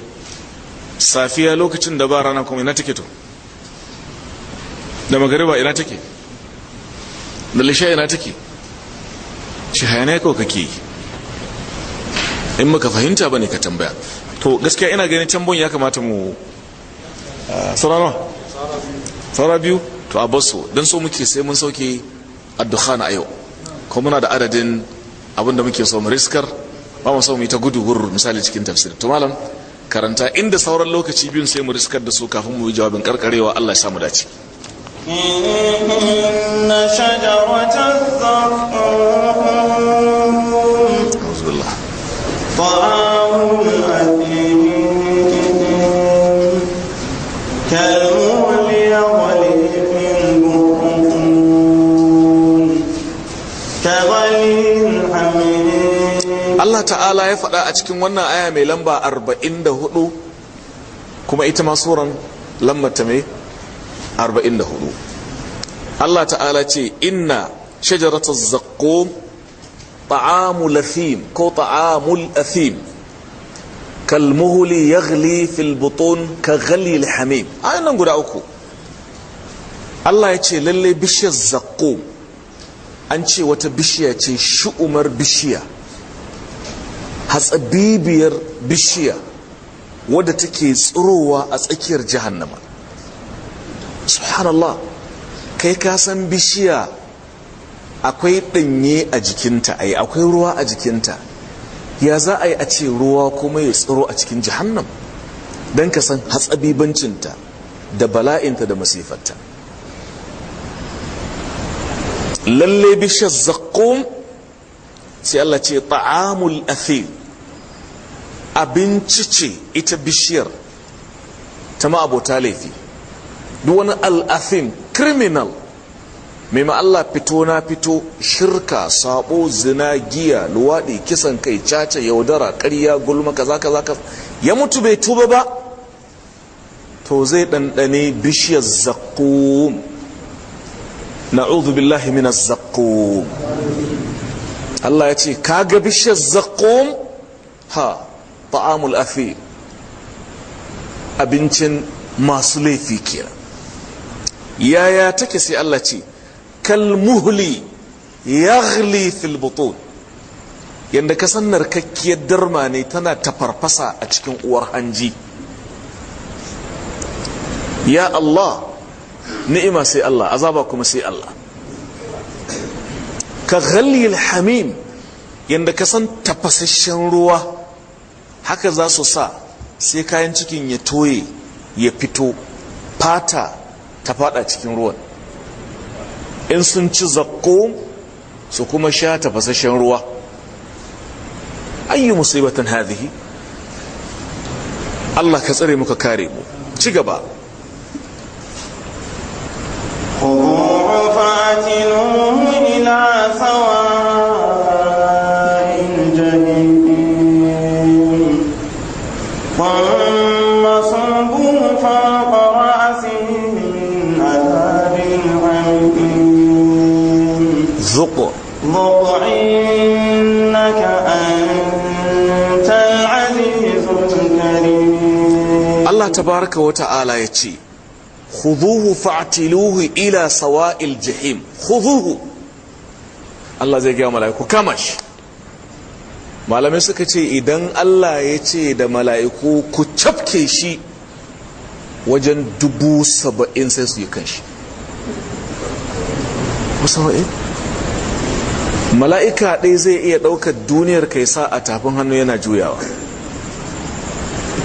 safiya lokacin da ba rana kuma ina take to da magariba ina take da lisha ina take shi hayana kawai kake yi in muka fahimta bane ka tambaya to gaskiya ina ganin tambon ya kamata mu ah, saurara saura biyu to a basu don so muke sai mun sauke addukhan a yau kuma muna da adadin abinda muke so mu riskar ba mu so mu yi ta gudu wurur misali cikin tafsir to malam karanta inda sauran lokaci biyun sai mu riskar da su kafin mu yi jawabin karkarewa Allah ya samu dace Allah. ta'ala ya faɗa a cikin wannan aya mai lamba 44 kuma ita ma suran lambar ta mai 44 Allah ta'ala ce inna shajaratu zaqqum ta'amul athim ko ta'amul athim كالمهل يغلي filbuton ka كغلي الحميم ayan nan guda uku Allah ya ce lalle bishiyar zaqqum an ce wata bishiya ce shu'umar bishiya hatsabibiyar bishiya wadda take tsirowa a tsakiyar jahannama subhanallah kai ka san bishiya akwai ɗanye a jikinta ai akwai ruwa a jikinta ya za a yi a ce ruwa kuma ya tsiro a cikin jahannam don ka san hatsabibancinta da bala'inta da masifarta lalle bishiyar zakkun sai Allah ce ta'amul athil abinci ce ita bishiyar ta ma'abota laifi duk wani al'afin criminal mai Allah fito na fito shirka sabo zina giya luwaɗi kisan kai caca yaudara ƙarya gulma kaza kaza kaza ya mutu bai tuba ba to zai ɗanɗane bishiyar zakkum na'udhu billahi min zakkum Allah ya ce kaga bishiyar zakkum ha ta'amul afi abincin masu laifi kenan yaya take sai Allah ce kalmuhli yaghli fil butun yanda ka san narkakkiyar darma ne tana tafarfasa a cikin uwar hanji ya Allah ni'ima sai Allah azaba kuma sai Allah ka ghalli hamim yanda ka san tafasasshen ruwa haka za su sa sai kayan cikin ya toye ya fito fata ta fada cikin ruwan in sun ci zakko su kuma sha tafasashen ruwa an yi musibatan hadihi Allah ka tsare muka kare mu ci gaba إلى Allah ta baraka wa ta’ala ya ce, Huzuhu fa’atiluhu ila sawa’il jihim, huzuhu! Allah zai gaya mala’iku, kama shi! Malamai suka ce, Idan Allah ya ce da mala’iku ku cafke shi wajen dubu saba’in sai su yi kan shi. Wasu mala'ika ɗaya zai iya ɗaukar duniyar kai sa a tafin hannu yana juyawa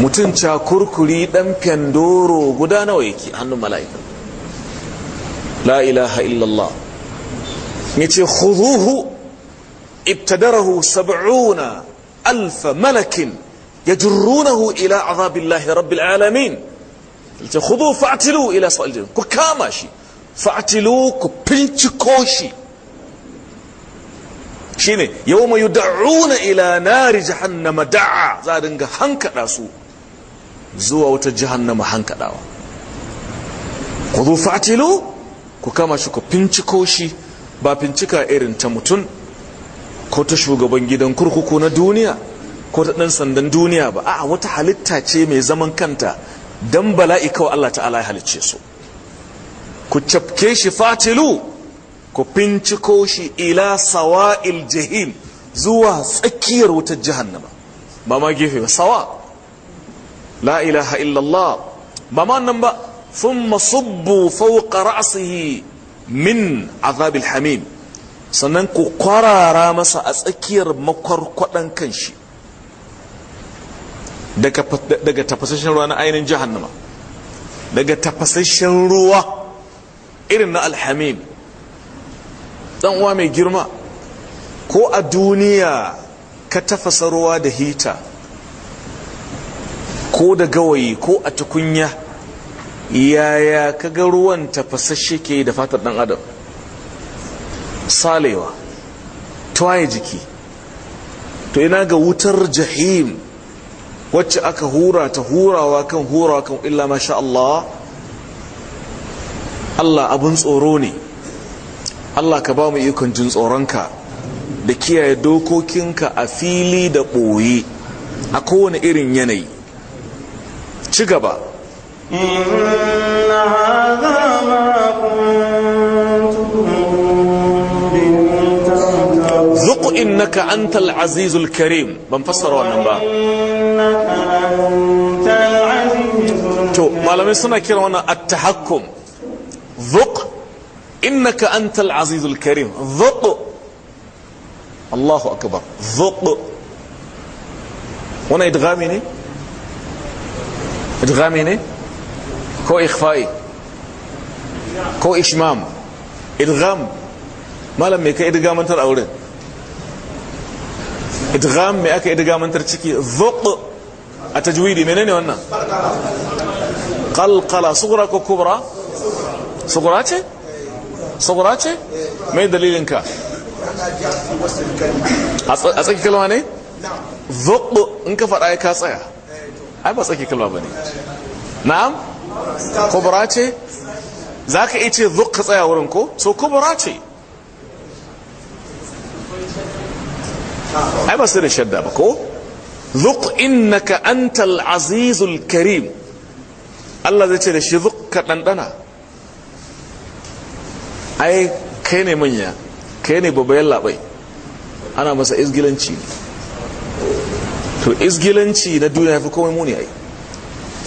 mutum cakurkuri ɗan fyandoro guda nawa yake hannun mala'ika la ilaha illallah ya ce khuduhu ibtadarahu sab'una alfa malakin yajrunahu ila azabillahi rabbil alamin ce khuduhu fa'tilu ila sa'il ku kama shi fa'tilu ku finciko shi shine yawma yud'una ila nari jahannama da'a za a dinga hankada su zuwa wata jahannama hankadawa zo fa'tilu ku kama shi ku finciko shi ba fincika irin ta mutum ko ta shugaban gidan kurkuku na duniya ko ta dan sandan duniya ba a'a wata halitta ce mai zaman kanta dan bala'i kawai Allah ta'ala ya halicce su ku cafke shi fatilu ku binciko shi ila sawa'il jahim zuwa tsakiyar wutar jahannama ba ma gefe ba sawa la ilaha illallah ba ma nan ba Sun subbu fawqa ra'sihi min azabil hamim sannan ku kwarara masa a tsakiyar makwarkwadan kanshi daga daga tafasasshen ruwa na ainihin jahannama daga tafasasshen ruwa irin na alhamim dan uwa mai girma ko a duniya ka tafasa ruwa da hita ko da gawayi ko a tukunya yaya ka ga ruwan tafasashe ke da fatar dan adam salewa tuwaye jiki to ina ga wutar jahim wacce aka hura ta hurawa kan hurawa kan illa masha Allah Allah abin tsoro ne Allah ka ba mu ikon jin tsoronka da kiyaye dokokinka a fili da ɓoye a kowane irin yanayi ci gaba zuku innaka antal azizul karim ban fassara wannan ba to malamai suna kira wannan at zuku إنك أنت العزيز الكريم ذق الله أكبر ذق هنا إدغامي ني كو إخفائي كو إشمام إدغام ما لم يكن إدغام أنت الأولين إدغام ما أكا إدغام أنت الشكي ذق التجويدي منين هنا قلقلة صغرى كو كبرى صغرى saura ce mai dalilinka a tsaki kalma ne zaɓɓo in ka faɗa ya ka tsaya ai ba tsaki kalma ba ne na'am kubra ce za ka iya ce ka tsaya wurin ko so kubra ce ai ba sai da shadda ba ko zuk innaka antal azizul karim Allah zai ce da shi zuk ka ɗanɗana ai kai ne manya kai ne babbayan labai ana masa izgilanci to izgilanci na duniya fi komai muni ai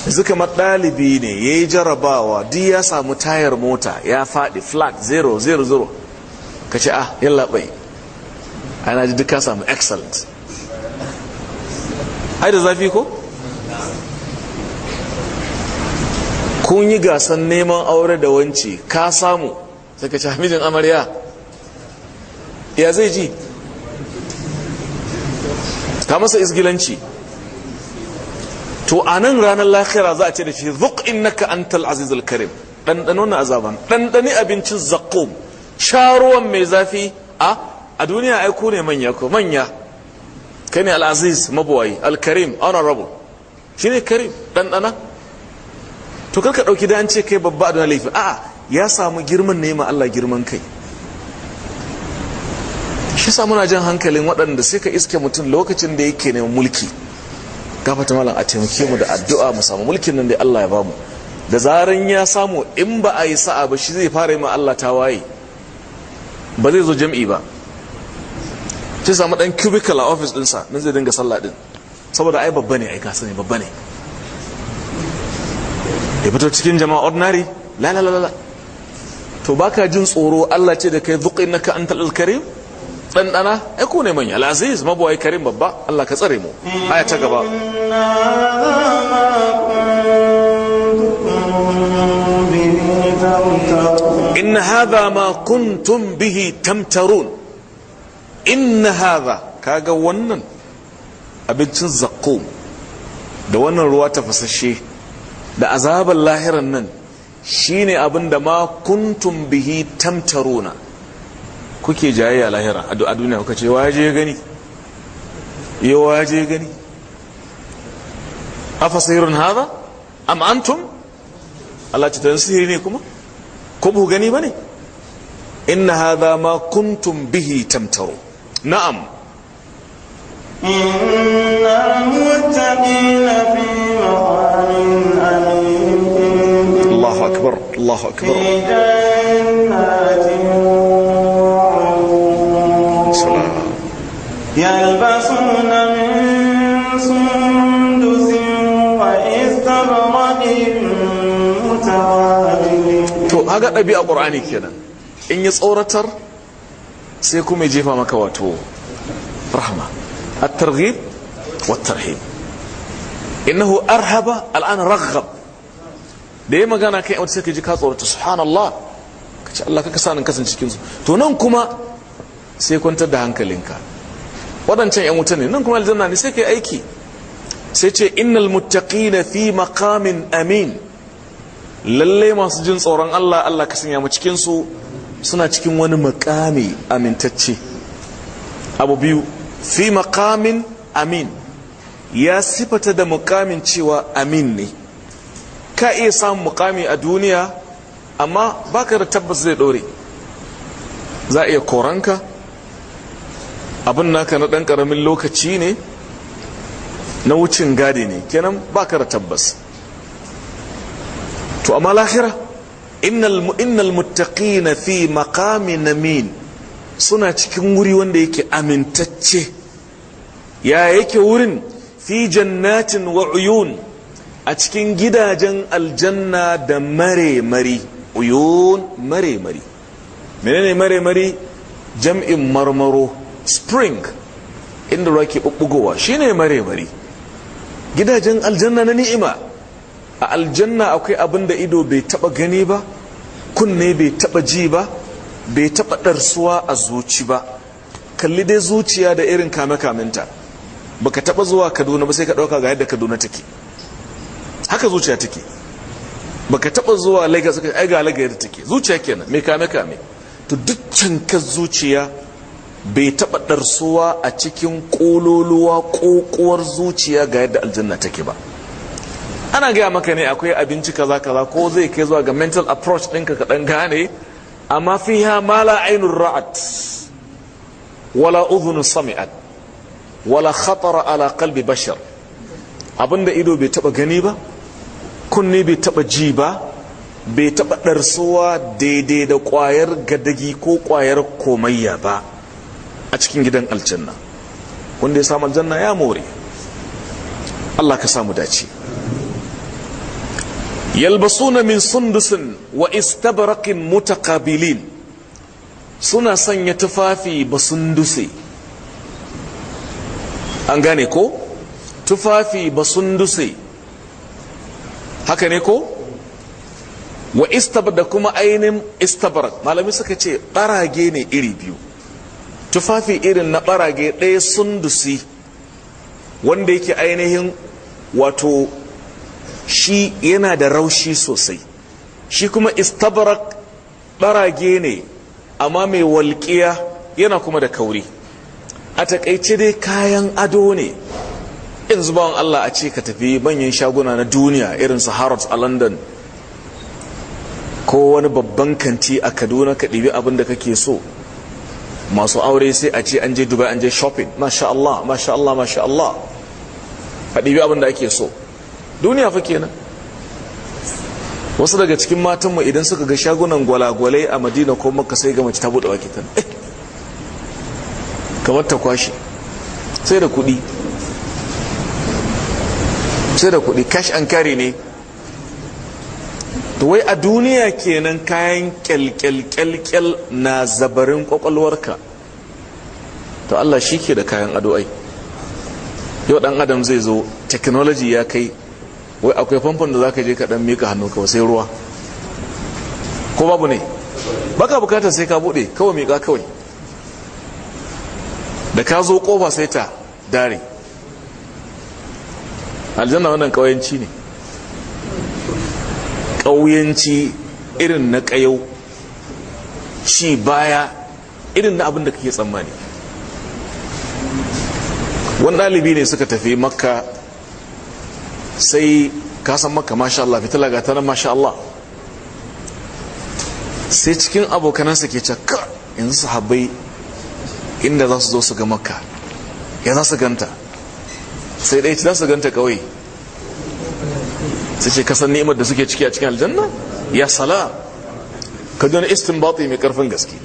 yanzu kamar ɗalibi ne ya yi jarabawa duk ya samu tayar mota ya faɗi flat 000 ka ce ah yin labai ana ji duka ka samu excellent ai da zafi ko? kun yi gasan neman aure da wance ka samu sai ka ci hamijin amarya ya zai ji ta masa izgilanci to a nan ranar lahira za a ce da shi zuk innaka antal azizul karim ɗanɗano na azaban ɗanɗani abincin zakum sha ruwan mai zafi a a duniya ku ne manya ko manya kai ne al'aziz mabuwayi al-karim honorable shi ne karim ɗanɗana to karka ɗauki da an ce kai babba a duniya laifin a'a ya samu girman ne ma Allah girman kai shi sa muna jan hankalin waɗanda sai ka iske mutum lokacin da yake neman mulki gafata malam a taimake mu da addu'a mu samu mulkin nan da Allah ya bamu da zaran ya samu in ba a yi sa'a ba shi zai fara yi ma Allah ta waye ba zai zo jam'i ba sai samu dan cubicle a office ɗinsa nan zai dinga sallah din saboda ai babba ne ai ka sani babba ne ya fito cikin jama'a ordinary la la la la to baka jin tsoro Allah ce da kai zuƙi na ka an talal karim ɗan ɗana ai ku ne manya al'aziz mabuwai karim babba Allah ka tsare mu aya ta gaba إن هذا ما كنتم به تمترون إن هذا كاغا wannan abincin زقوم da wannan ruwa tafasashe da azabar lahiran nan shine abin da ma kuntum bihi tamtaruna kuke jayayya lahira a duniya kuka ce waje gani eh, ya waje gani afasirun haza am antum Allah ce tansiri ne kuma ko bu gani ba bane inna hadha ma kuntum bihi tamtaru na'am inna muttaqina fi الله أكبر يلبسون من سندس وإستبرق متوابل تو هاقا نبي القرآني كينا إن يسأورة تر سيكون يجيفا مكواتو رحمة الترغيب والترهيب إنه أرهب الآن رغب da ya magana kai wata sai ka ji ka tsorata subhanallah ka ce Allah ka kasa nan kasance cikin su to nan kuma sai kwantar da hankalinka Waɗancan yan wuta ne nan kuma aljanna ne sai kai aiki sai ce innal muttaqina fi maqamin amin lalle masu jin tsoron Allah Allah ka sanya mu cikin suna cikin wani makami amintacce abu biyu fi maqamin amin ya sifata da mukamin cewa amin ne ka iya samun mukami a duniya amma baka da tabbas zai dore za a iya koranka abin naka na dan karamin lokaci ne na wucin gadi ne kenan baka da tabbas to amma lahira innal innal muttaqina fi maqamin namin suna cikin wuri wanda yake amintacce ya yake wurin fi jannatin wa uyun a cikin gidajen aljanna da mare-mari uyun mare-mari menene mare-mari jam'in marmaro spring inda ruwa ke ɓuɓɓugowa shine mare-mari gidajen aljanna na ni'ima a aljanna akwai abin da ido bai taba gani ba kunne bai taba ji ba bai taba ɗarsuwa a zuci ba kalli dai zuciya da irin kame-kamenta baka taba zuwa kaduna ba sai ka ɗauka ga yadda kaduna take haka zuciya take baka taba zuwa lagos suka ai ga lagos take zuciya kenan me kame kame to duk ka zuciya bai taba ɗarsuwa a cikin kololuwa kokuwar zuciya ga yadda aljanna take ba ana gaya maka ne akwai abinci kaza kaza ko zai kai zuwa ga mental approach ɗinka ka ɗan gane amma fiha ma ainun ra'at wala uzun sami'at wala khatara ala qalbi bashar abinda ido bai taba gani ba kunne bai taba ji ba bai taba ɗarsuwa daidai da ƙwayar gadagi ko ƙwayar komayya ba a cikin gidan aljanna wanda ya samu aljanna ya more Allah ka samu dace yalbasuna min sundusin wa istabarakin mutakabilin suna sanya tufafi ba sunduse an gane ko tufafi ba sunduse haka ne ko wa istabar da kuma ainihin istabarat malamai suka ce barage ne iri biyu tufafi irin na barage ɗaya sundusi wanda yake ainihin wato shi yana da raushi sosai shi kuma istabar barage ne amma mai walƙiya yana kuma da kauri a takaice dai kayan ado ne yanzu bawan Allah a ce ka tafi manyan shaguna na duniya irin su Harrods a London ko wani babban kanti a Kaduna ka ɗibi abin da kake so masu aure sai a ce an je Dubai an je shopping masha Allah masha Allah masha Allah a ɗibi abin da ake so duniya fa kenan wasu daga cikin matanmu idan suka ga shagunan gwalagwalai a madina ko maka sai ga mace ta bude wakitan eh, kamar ta kwashe sai da kuɗi sai da kuɗi cash an kare ne to wai a duniya kenan kayan kyalkyalkyal na zabarin kwakwalwarka to Allah shi ke da kayan ado yau dan adam zai zo technology ya kai wai akwai famfon da zaka je ka dan mika hannu kawai sai ruwa ko babu ne baka bukatar sai ka bude kawai mika kawai da ka zo kofa sai ta dare aljanna wannan kauyanci ne kauyanci irin na ƙayau ci baya irin na abin da kake tsammani wani ɗalibi ne suka tafi makka sai kasan makka masha Allah fitila ga tanan masha Allah sai cikin abokanansa ke cakka yanzu sahabbai inda za su zo su ga makka ya za su ganta sai dai ci za su ganta kawai su ce kasan ni'imar da suke ciki a cikin aljanna ya sala ka ji istinbati mai karfin gaske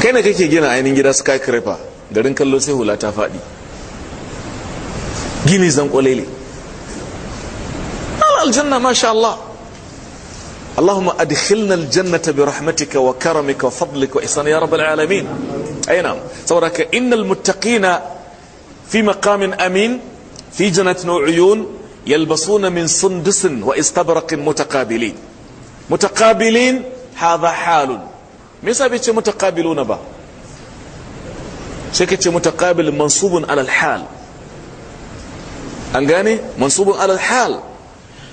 kai na kake gina ainihin gida skyscraper garin kallo sai hula ta faɗi gini zan kwalele aljanna masha Allah اللهم أدخلنا الجنة برحمتك وكرمك وفضلك وإحسان يا رب العالمين aina saboda ka innal muttaqina fi maqamin amin fi jannatin uyun yalbasuna min sundusin wa istabraqin mutaqabilin mutaqabilin hadha halun me yasa bai ce mutaqabiluna ba sai ka ce mutaqabil mansubun alal hal an gane mansubun alal hal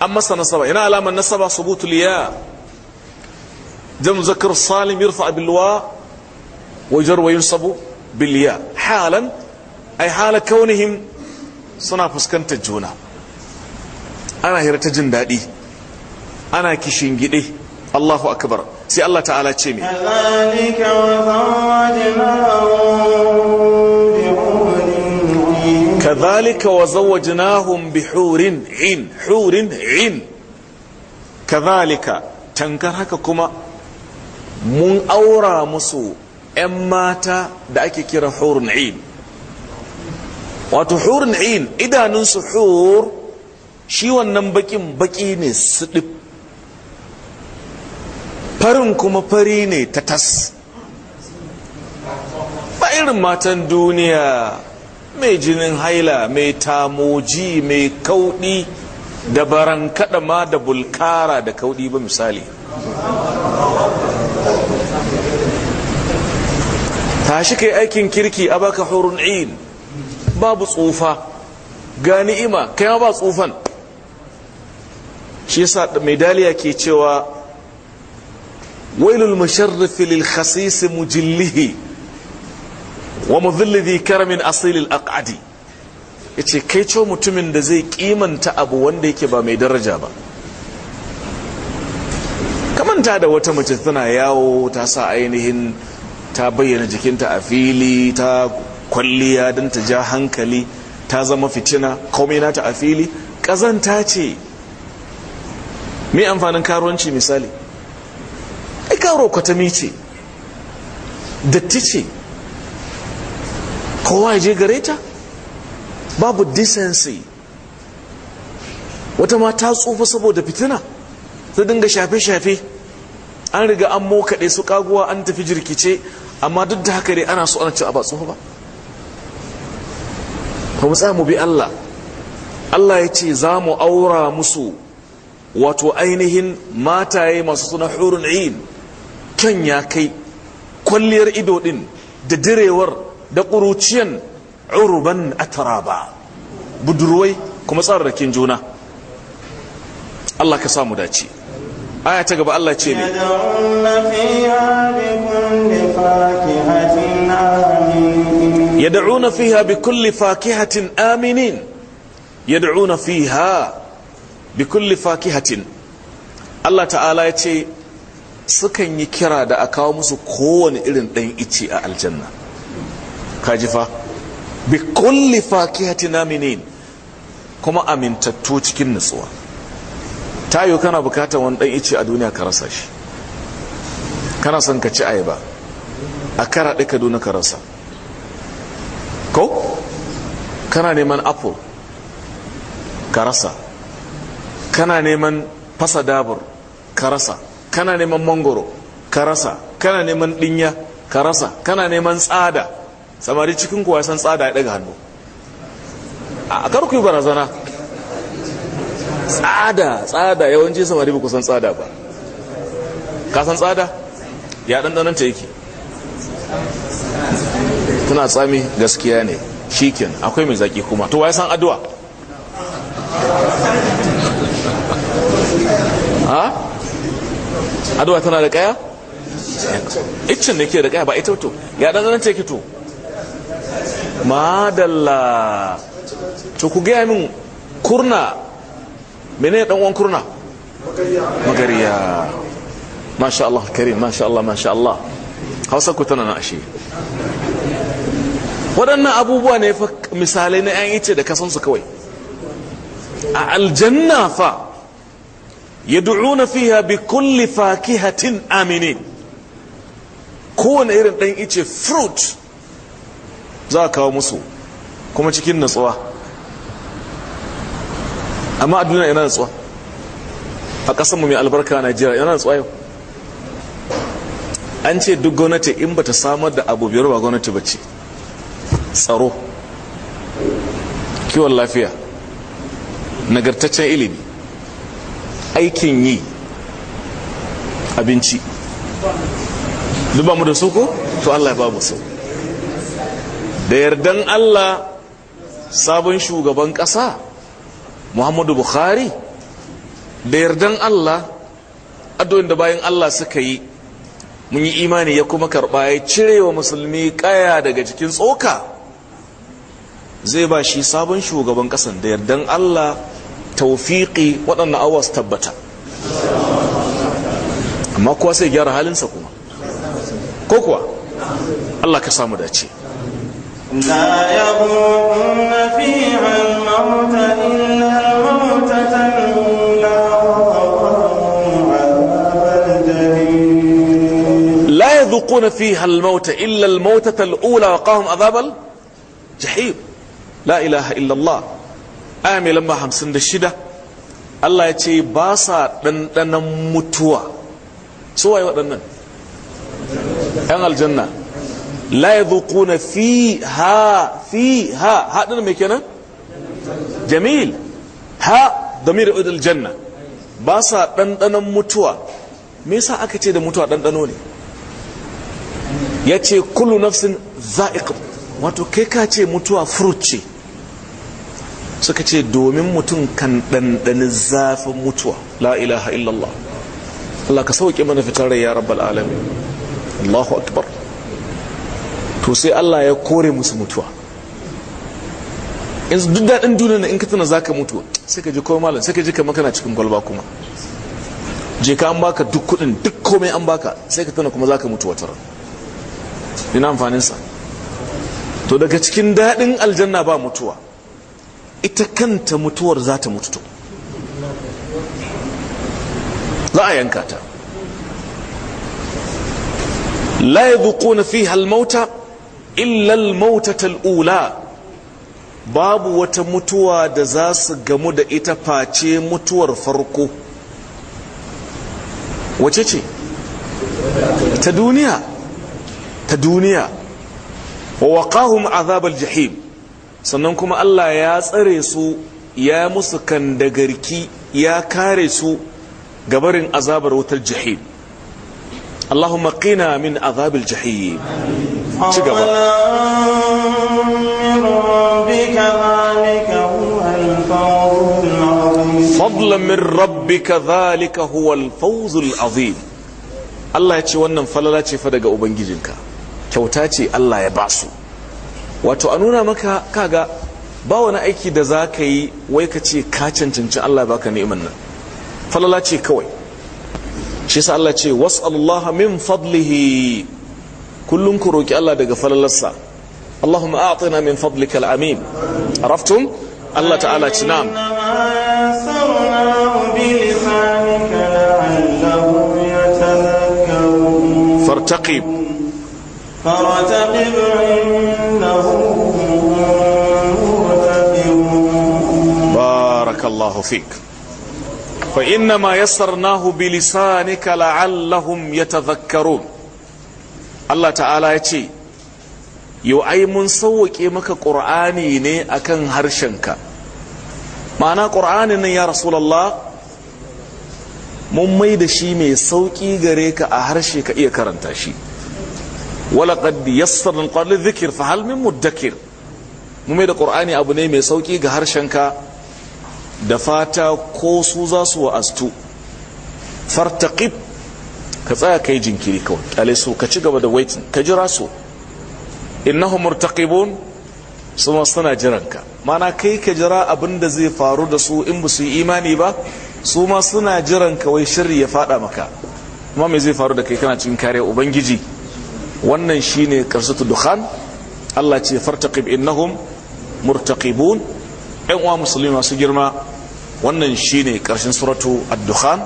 an masa nasaba ina alama nasaba subutul ya jam zakar salim yurfa bilwa ويجر وينصب bilya, حالا أي حال كونهم suna fuskantar juna ana ta jin daɗi ana kishin gide Allahu akbar sai Allah ta'ala ce mai kazalika wa zawajnahum bi hurin in hurin in kazalika tankar haka kuma mun aura musu 'yan mata da ake kira hurun in wato hurun in idanunsu hur shi wannan bakin baki ne suɗi farin kuma fari ne ta tas ba irin matan duniya mai jinin haila mai tamoji mai kauɗi da barankaɗa ma da bulkara da kauɗi ba misali ta tashi ke aikin kirki a baka hurun il babu tsufa ga ni'ima kai ma ba tsufan shi yasa mai ke cewa wailul musharrif lil khasis mujillihi wa mudhill dhi karamin asil al aqadi yace kai cewa mutumin da zai kimanta abu wanda yake ba mai daraja ba kamanta da wata mace tana yawo ta sa ainihin ta bayyana jikinta a fili ta kwalliya don ta ja hankali ta zama fitina komai nata a fili ƙazanta ce mai amfanin karuwanci misali ai karo kwatami ce datti ce kowa ya je gare ta babu disensi wata ma ta tsufa saboda fitina ta dinga shafe-shafe an riga an mokaɗe su kaguwa an tafi jirkice amma duk da haka dai ana so ana cewa ba tsoho ba kuma mu bi Allah Allah ya ce za mu aura musu wato ainihin mataye masu suna hurun ayin kyan ya kai kwalliyar ido din da direwar da ƙuruciyan urban ataraba budurwai kuma tsararrakin juna Allah ka samu dace aya ta gaba Allah ce ne yad'una fiha bikulli fakihatin aminin yad'una fiha bikulli fakihatin Allah ta'ala ya ce sukan yi kira da a kawo musu kowane irin ɗan ice a aljanna kaji fa bikulli fakihatin aminin kuma amintattu cikin nutsuwa Ta tayo kana bukatar wani dan ice a duniya ka rasa shi kana son ka ci ayaba a kara ɗi kaduna ka rasa ko kana neman apple ka rasa kana neman fasa dabur ka rasa kana neman mangoro ka rasa kana neman ɗinya ka rasa kana neman tsada samari cikin kuwa san tsada ya ɗaga hannu a karku barazana tsada tsada yawanci samari ba kusan tsada ba ka san tsada ya ɗanɗanon ta yake tana tsami gaskiya ne shikin akwai mai zaki kuma to wai san addu'a ha addu'a tana da kaya iccin ne ke da kaya ba ita to ya ɗanɗanon ta yake to madalla to ku gaya min kurna mene dan uwan kurna magariya masha Allah karim masha Allah masha Allah hausa ku tana na ashe waɗannan abubuwa ne fa misalai na ‘yan ice da kasansu kawai a aljanna fa ya du'una fiha bi kulli fakihatin amini kowane irin ɗan ice fruit za a kawo musu kuma cikin natsuwa amma a duniya ina natsuwa a ƙasarmu mai albarka a najeriya ina natsuwa yau an ce duk gwamnati in bata samar da abu biyar ba gwamnati ba ce tsaro kiwon lafiya nagartaccen ilimi aikin yi abinci duk ba mu da su ko to allah ya ba mu su da yardan allah sabon shugaban ƙasa muhammadu bukhari da yardan allah addu'in da bayan allah suka yi mun yi imani ya kuma karɓa ya cire wa musulmi kaya daga cikin tsoka zai ba shi sabon shugaban ƙasan da yardan allah taufiƙi awa su tabbata amma kuwa sai gyara halinsa kuma ko kuwa allah ka samu dace لا يموتن فيها الموت إلا يذوقون فيها الموت إلا الموتة الأولى وقاهم عذاب الجحيم لا إله إلا الله آمي لما همسن الشدة الله يتي باسا لنا متوى سوى يوضنا أنا الجنة لا يذوقون فيها فيها ها دنا ميكنا جميل ها ضمير يعود الجنة باسا لنا متوى me yasa aka ce da mutuwa ɗanɗano ne ya ce kullu nafsin za'iq wato kai ka ce mutuwa furut ce suka ce domin mutum kan ɗanɗani zafin mutuwa la ilaha illallah Allah ka sauƙi mana fitar ya rabbal alamin Allahu akbar to sai Allah ya kore musu mutuwa yanzu duk daɗin duniya na in ka tana zaka mutu sai ka ji komai malam sai ka ji kamar kana cikin kwalba kuma je ka an baka duk kuɗin duk komai an baka sai ka tana kuma zaka mutu wata rana ina amfaninsa to daga cikin daɗin aljanna ba mutuwa ita kanta mutuwar za ta mutu za a yanka ta la yadhuquna fiha illal mauta illa al babu wata mutuwa da za su gamu da ita face mutuwar farko wace ce ta duniya ta duniya wa waqahum azab aljahim sannan kuma Allah ya tsare su ya musu kandagarki ya kare su gabarin azabar wutar jahim Allahumma qina min azab aljahim ci gaba فضلا من ربك ذلك هو الفوز العظيم الله يجي wannan falala ce fa daga ubangijinka kyauta ce Allah ya ba su wato a nuna maka kaga ba wani aiki da za ka yi wai ka ce ka cancanci Allah ba ka neman nan falala ce kawai shi sa Allah ce was'alullah min fadlihi kullum ku roki Allah daga falalarsa Allahumma a'tina min fadlikal amin araftum Allah ta'ala ci na'am فرتقب إنهم مرتقبون بارك الله فيك فإنما يسرناه بلسانك لعلهم يتذكرون الله تعالى يتي yau ai mun sauwaƙe maka ƙur'ani ne akan harshenka ma'ana ƙur'ani nan ya rasulallah mun mai da shi mai sauƙi gare ka a harshe ka iya karanta shi walaƙad yassar alƙawar zikir fa hal min muddakir mu mai da kur'ani abu ne mai sauki ga harshenka da fata ko su za su astu fartaqib ka tsaya kai jinkiri kawai ƙyale su ka ci gaba da waitin ka jira su innahum murtaqibun su ma suna ka mana kai ka jira abin da zai faru da su in ba su yi imani ba su ma suna jiran wai shirri ya faɗa maka kuma me zai faru da kai kana cikin kare ubangiji wannan shi ne karsatu dukhan Allah ce fartaqib innahum murtaqibun ɗan uwa musulmi masu girma wannan shi ne karshen suratu ad-dukhan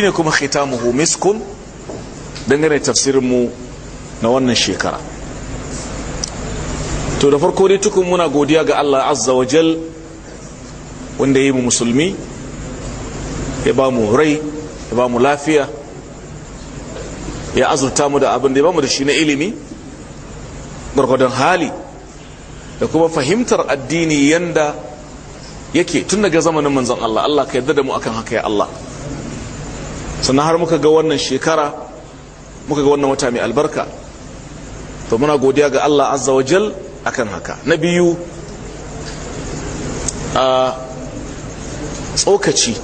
ne kuma khitamuhu miskun dangane tafsirin mu na wannan shekara to da farko dai tukun muna godiya ga Allah azza wa jal wanda ya yi mu musulmi ya ba mu rai ya ba mu lafiya ya azurta mu da abin da ya bamu da shi na ilimi gargadon hali da kuma fahimtar addini yanda yake tun daga zamanin manzon Allah Allah ka yarda da mu akan haka ya Allah sannan har muka ga wannan shekara muka ga wannan wata mai albarka to muna godiya ga Allah azza wa akan haka na biyu a tsokaci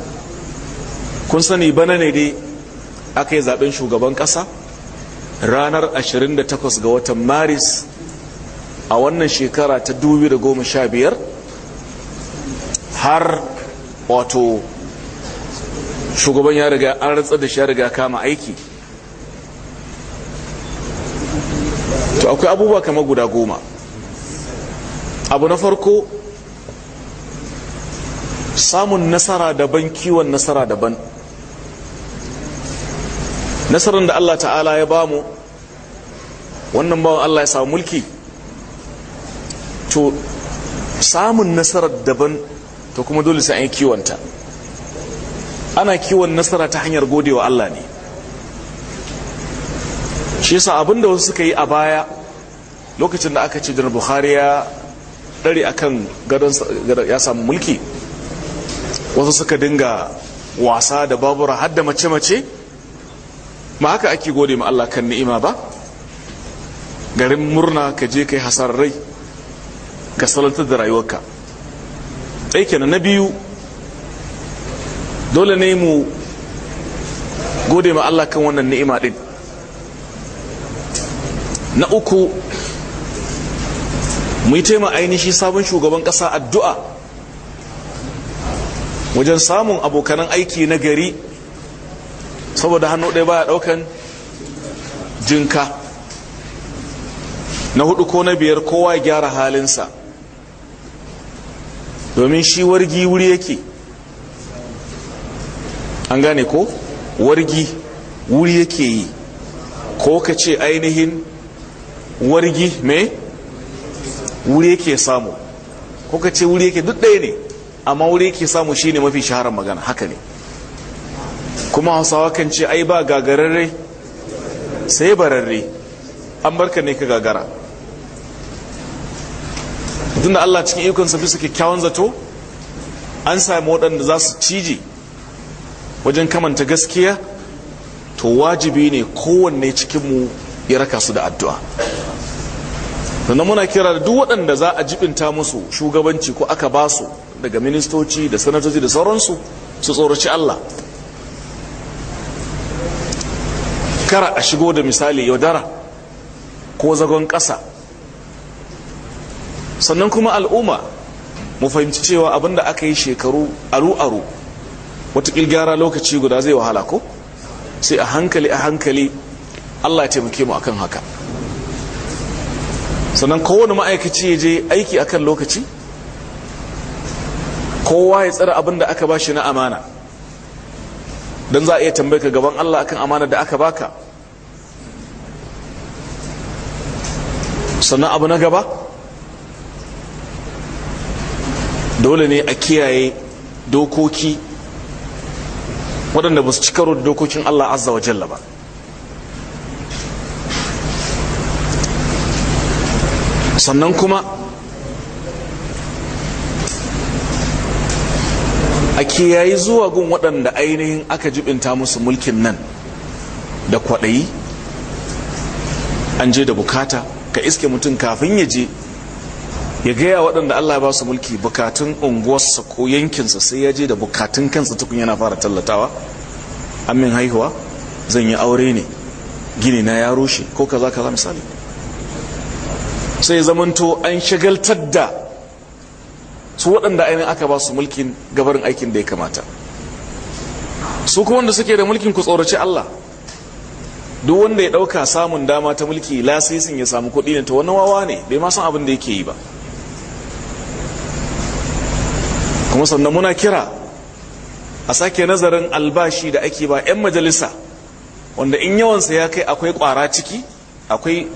kun sani bana ne dai aka yi zaben shugaban kasa ranar 28 ga watan maris a wannan shekara ta 2015 har wato shugaban ya riga an ratsa da shi ya riga kama aiki to akwai abubuwa kamar guda goma abu na farko samun nasara daban kiwon nasara daban nasarar da Allah ta'ala ya bamu wannan bawan Allah ya samu mulki to samun nasarar daban to kuma dole sai an yi kiwonta ana kiwon nasara ta hanyar godewa Allah ne shi yasa abinda wasu suka yi a baya lokacin da aka ce jinar buhari ya dare akan gadon ya samu mulki wasu suka dinga wasa da babura har da mace-mace ma haka ake gode ma Allah kan ni'ima ba garin murna ka je kai hasarrai ka salatar da rayuwarka ɗai na biyu dole ne mu gode ma Allah kan wannan ni'ima din na uku mu yi taima ainihi sabon shugaban kasa addu'a wajen samun abokanan aiki na gari saboda hannu ɗaya baya ɗaukan jinka na hudu ko na biyar kowa gyara halinsa domin shi wargi wuri yake an gane ko wargi wuri yake yi ko ka ce ainihin wargi mai wuri yake samu ko ka ce wuri yake duk ɗaya ne amma wuri yake samu shine mafi shaharar magana haka ne kuma hausawa kan ce ai ba gagararre sai bararre an barka ne ka gagara tun da Allah cikin ikonsa bisa kyakkyawan zato an sami waɗanda za su cije wajen kamanta gaskiya to wajibi ne kowanne cikinmu ya raka su da addu'a sannan muna kira da duk waɗanda za a jibinta musu shugabanci ko aka ba su daga ministoci da sanatoci da sauransu su tsoraci Allah shekara a shigo da misali yaudara ko zagon ƙasa sannan kuma al'umma mu fahimci cewa abinda aka yi shekaru aru-aru watakil gyara lokaci guda zai wahala ko sai a hankali a hankali allah ya taimake mu akan haka sannan kowane ma'aikaci ya je aiki akan lokaci kowa ya tsara abinda aka ba shi na amana don za a iya tambayi ka gaban Allah akan amana da aka baka sannan abu na gaba dole ne a kiyaye dokoki waɗanda ba su ci da dokokin Allah azza wa jalla ba sannan kuma a kiyayi zuwa gun waɗanda ainihin aka jibinta musu mulkin nan da kwaɗayi an je da bukata ka iske mutum kafin ya je ya gaya waɗanda Allah ba su mulki bukatun unguwarsa ko yankinsa sai ya je da bukatun kansa tukun yana fara tallatawa amin haihuwa zan yi aure ne gini na ya rushe ko kaza kaza misali sai zamanto an shagaltar da su waɗanda ainihin aka ba su mulkin gabarin aikin da ya kamata su kuma wanda suke da mulkin ku tsoraci Allah duk wanda ya ɗauka samun dama ta mulki lasisin ya samu kuɗi ne ta wani wawa ne bai ma san abin da yake yi ba kuma sannan muna kira a sake nazarin albashi da ake ba 'yan majalisa wanda in yawansa ya kai akwai ƙwara ciki akwai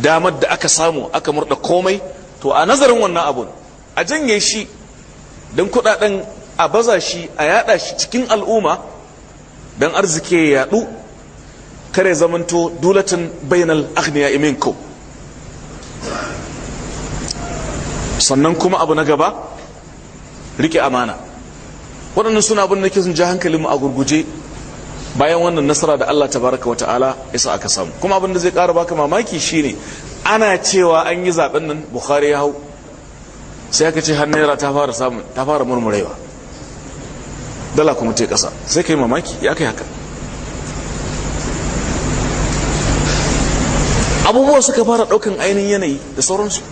damar da aka samu aka murda komai to a nazarin wannan abun a janye shi don kudaden a baza shi a yada shi cikin al'umma don arziki ya yadu kare zamanto dulatin bainal agniya iminku sannan kuma abu na gaba rike amana waɗannan suna abin da ke sun ja hankalinmu a gurguje bayan wannan nasara da Allah tabaraka wa ta'ala isa aka samu kuma abin da zai ƙara baka mamaki shine ana cewa an yi zaben nan Bukhari ya hau sai aka ce har naira ta fara samun ta fara murmurewa dala kuma ce kasa sai ka yi mamaki ya kai haka abubuwa suka fara daukan ainihin yanayi da sauransu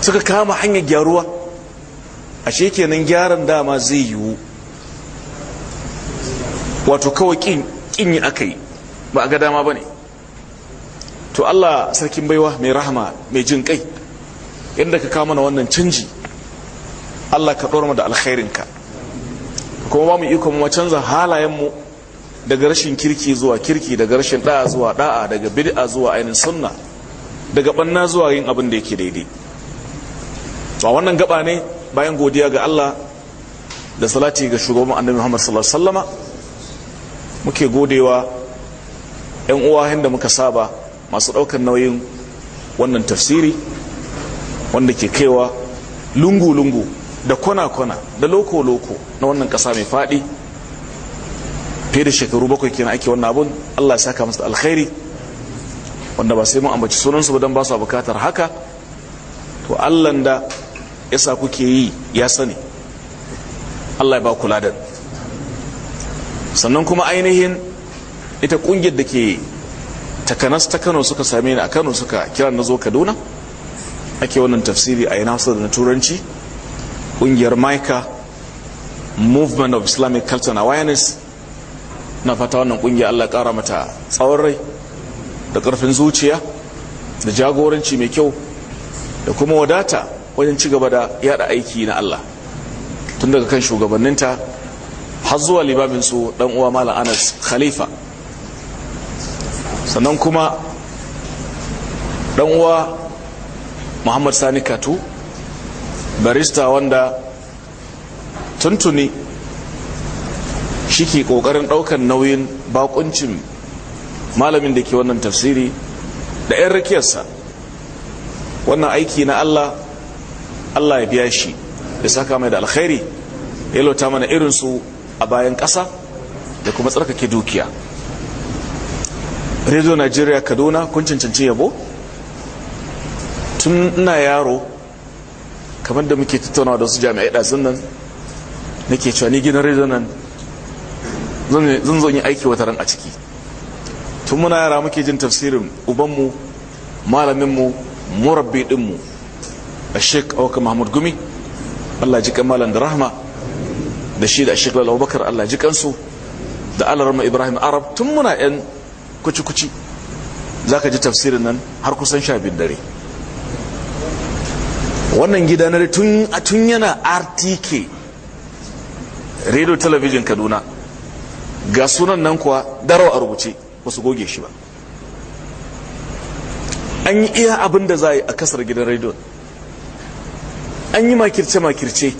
suka kama hanyar gyaruwa ashe kenan gyaran dama zai yiwu wato kawai kin kin yi aka yi ba a ga dama ba ne to allah sarkin baiwa mai rahama mai jin kai yadda ka kama na wannan canji Allah ka ɗora da alkhairinka kuma ba mu iko mu canza halayenmu daga rashin kirki zuwa kirki daga rashin da'a zuwa da'a daga bid'a zuwa ainihin sunna daga banna zuwa yin abin da yake daidai ba wannan gaba ne bayan godiya ga Allah da salati ga shugaban annabi Muhammad sallallahu alaihi wasallama muke godewa yan uwa da muka saba masu ɗaukar nauyin wannan tafsiri wanda ke kaiwa lungu-lungu da kwana-kwana da loko-loko na wannan kasa mai fadi fiye da shekaru bakwai kenan ake wannan abun Allah ya saka musu alkhairi wanda ba sai mun ambaci sunansu ba don ba su bukatar haka to Allah da ya sa kuke yi ya sani Allah ya ba kula da sannan kuma ainihin ita kungiyar da ke takanas ta Kano suka same ni a Kano suka kira na zo Kaduna ake wannan tafsiri a yana da na turanci ƙungiyar maika movement of islamic culture and awareness na fata wannan ƙungiyar allah ƙara mata tsawon rai da ƙarfin zuciya da jagoranci mai kyau da kuma wadata wajen ci gaba da yada aiki na allah tun daga kan shugabanninta har zuwa limamin su dan uwa malam anas khalifa sannan kuma dan uwa muhammad sani katu barista wanda tuntuni shike kokarin ƙoƙarin nauyin bakuncin malamin da ke wannan tafsiri da 'yan rikiyarsa wannan aiki na allah allah ya biya shi ya saka mai da alkhairi ya lauta mana irinsu a bayan ƙasa da kuma tsarkake dukiya radio nigeria kaduna kun cancanci yabo tun ina yaro kamar da muke tattaunawa da su jami'ai ɗazin nan nake cewa ni gidan rediyo nan zan yi aiki wata ran a ciki tun muna yara muke jin tafsirin ubanmu malaminmu murabbi ɗinmu a shek awaka mahmud gumi allah ji malam da rahama da shi da shek lalawa bakar allah ji kansu da alarma ibrahim arab tun muna yan kuci-kuci za ka ji tafsirin nan har kusan sha bin dare wannan gida na tun a tun yana rtk radio television kaduna ga sunan nan kuwa darau a rubuce ba su goge shi ba an yi iya abin da za a yi a kasar gidan radio an yi makirce-makirce